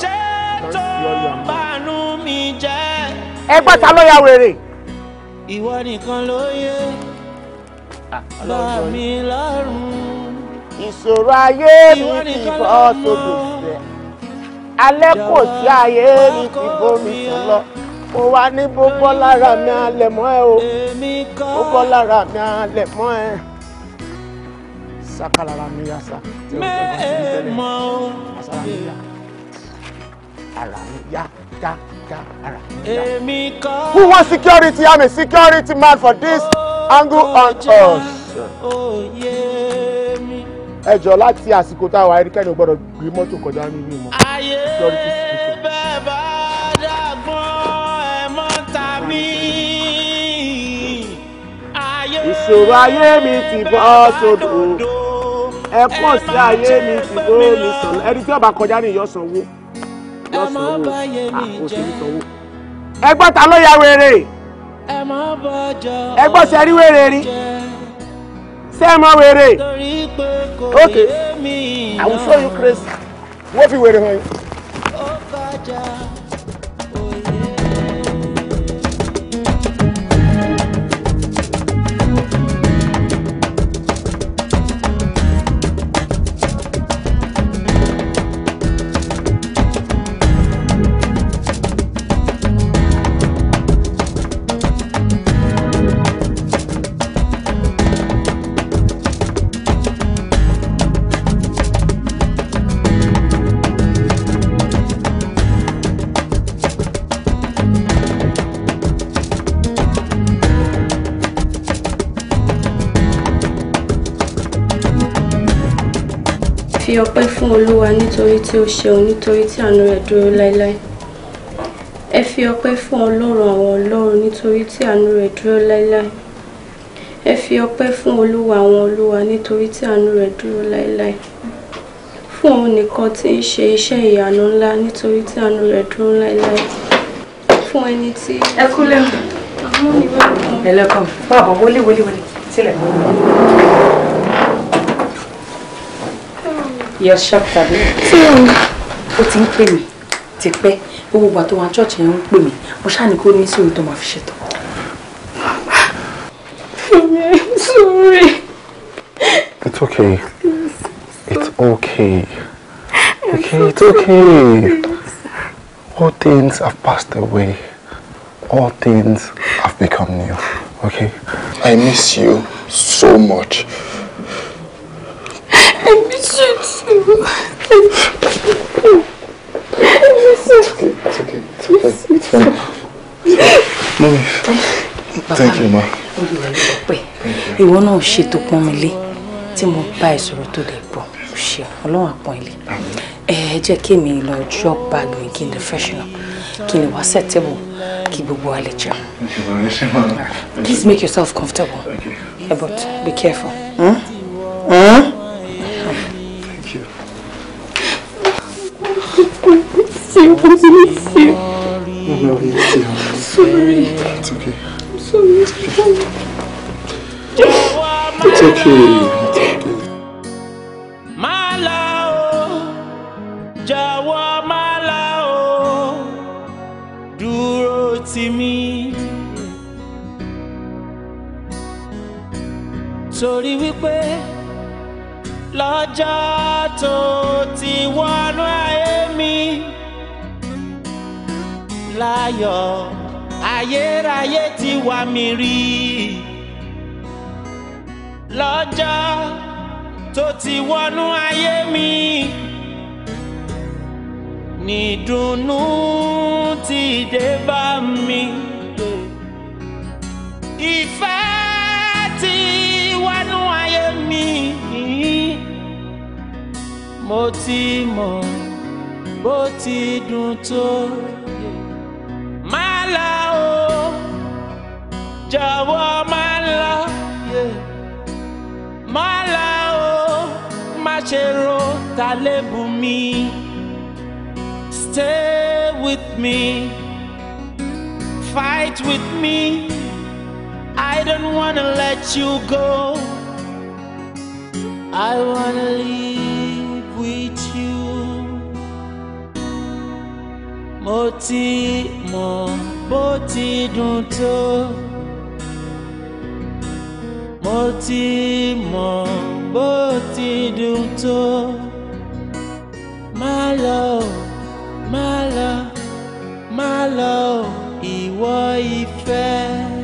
ṣe tó bànú mi jẹ́. ẹ gbọ́ ta ló ya wèrè. ìwọ nìkan ló yẹ ah, bá mi lọ́rùn. ìṣòro ayé mi ti bọ́ sódò alẹ́ kò sí ayé mi ti bó mi sàn lọ mo wá ní bó lára mi alẹ̀ mọ́ ẹ o bó lára mi alẹ̀ mọ́ ẹ sakalara mi ya sa. mẹ́ẹ̀mọ́ o. ara mi ya ya ya ara mi ya. who want security I'm a security man for this angle on us. ẹ jọ láti àsìkò táwa ẹnikẹ́ni ò gbọ́dọ̀ gbé mọ́tò kọjá nínú mọ́. ayé. mi ayé ìṣòro ayé mi ti bọ́ sódò ẹ̀kọ́ sí ayé mi ti bọ́ mi sọ̀rọ̀ ẹni tí ọba kọjá ní ìyọ́sànwó ìyọ́sànwó àkóṣèlú sanwó. ẹgbọ́n ah, ta ló ya wèrè ẹgbọ́n ṣe rí wèrè rí ṣé ẹ mọ wèrè okay I will show you crazy wọ́n fi wèrè hàn yín. fi ọpẹ́ fún olúwa nítorí tí ó ṣeun nítorí tí àánú rẹ̀ dúró láéláé ẹ fi ọpẹ́ fún ọlọ́run àwọn ọlọ́run nítorí tí àánú rẹ̀ dúró láéláé ẹ fi ọpẹ́ fún olúwa àwọn olúwa nítorí tí àánú rẹ̀ dúró láéláé fún òun nìkan tí ń ṣe iṣẹ́ ìyanu ńlá nítorí tí àánú rẹ̀ dúró láéláé fún ẹni tí. ẹ kúlẹ̀ mọ́. ẹ lẹ́kọ̀ọ́ fún àbọ̀ wọlé wọlé wọlé sílẹ̀. You're shocked, tàbí? Ó ti ń pè mí tipẹ́ gbogbo ìgbà tó wà church yẹn ń pè mo ṣáà ní kó ní sùúrù tó máa fi ṣètò. I'm sorry. It's okay. It's okay. Okay, it's okay. All things have passed away. All things have become new. Okay? I miss you so much. It's okay. It's okay. It's okay. Mommy. Thank you, ma. Ìwọ náà ṣe tó pọ́n mi lé tí mo bá ìṣòro tó lè bọ̀ ṣe ọlọ́run àpọ́n ilé. Ẹ jẹ́ kí èmi lọ drop bag mi kí n lè freshen up kí n lè wá set table kí gbogbo wa lè jẹun. Please make yourself comfortable. Okay. Yeah, be careful. Hmm? Hmm? No, it's okay. I'm sorry. It's okay. I'm sorry. It's okay. It's okay. It's okay. Jọ̀wọ́ má là ó dúró tì mí. Torí ti wọnú ayé mi láyọ̀ ayérayé ti wá mi rí lọ́jọ́ tó ti wọnú ayé mi nìdùnnú ti dé bá mi ìfẹ́ ti wọnú ayé mi mo ti mọ̀ bó ti dùn tó. ńlá o jọ̀wọ́ má lọ má stay with me fight with me I don't wanna let you go I wanna live with you Moti ti mọ̀. bó ti dùn tó mo ti mọ̀ bó ti dùn tó má lọ má lọ má lọ ìwọ ìfẹ́.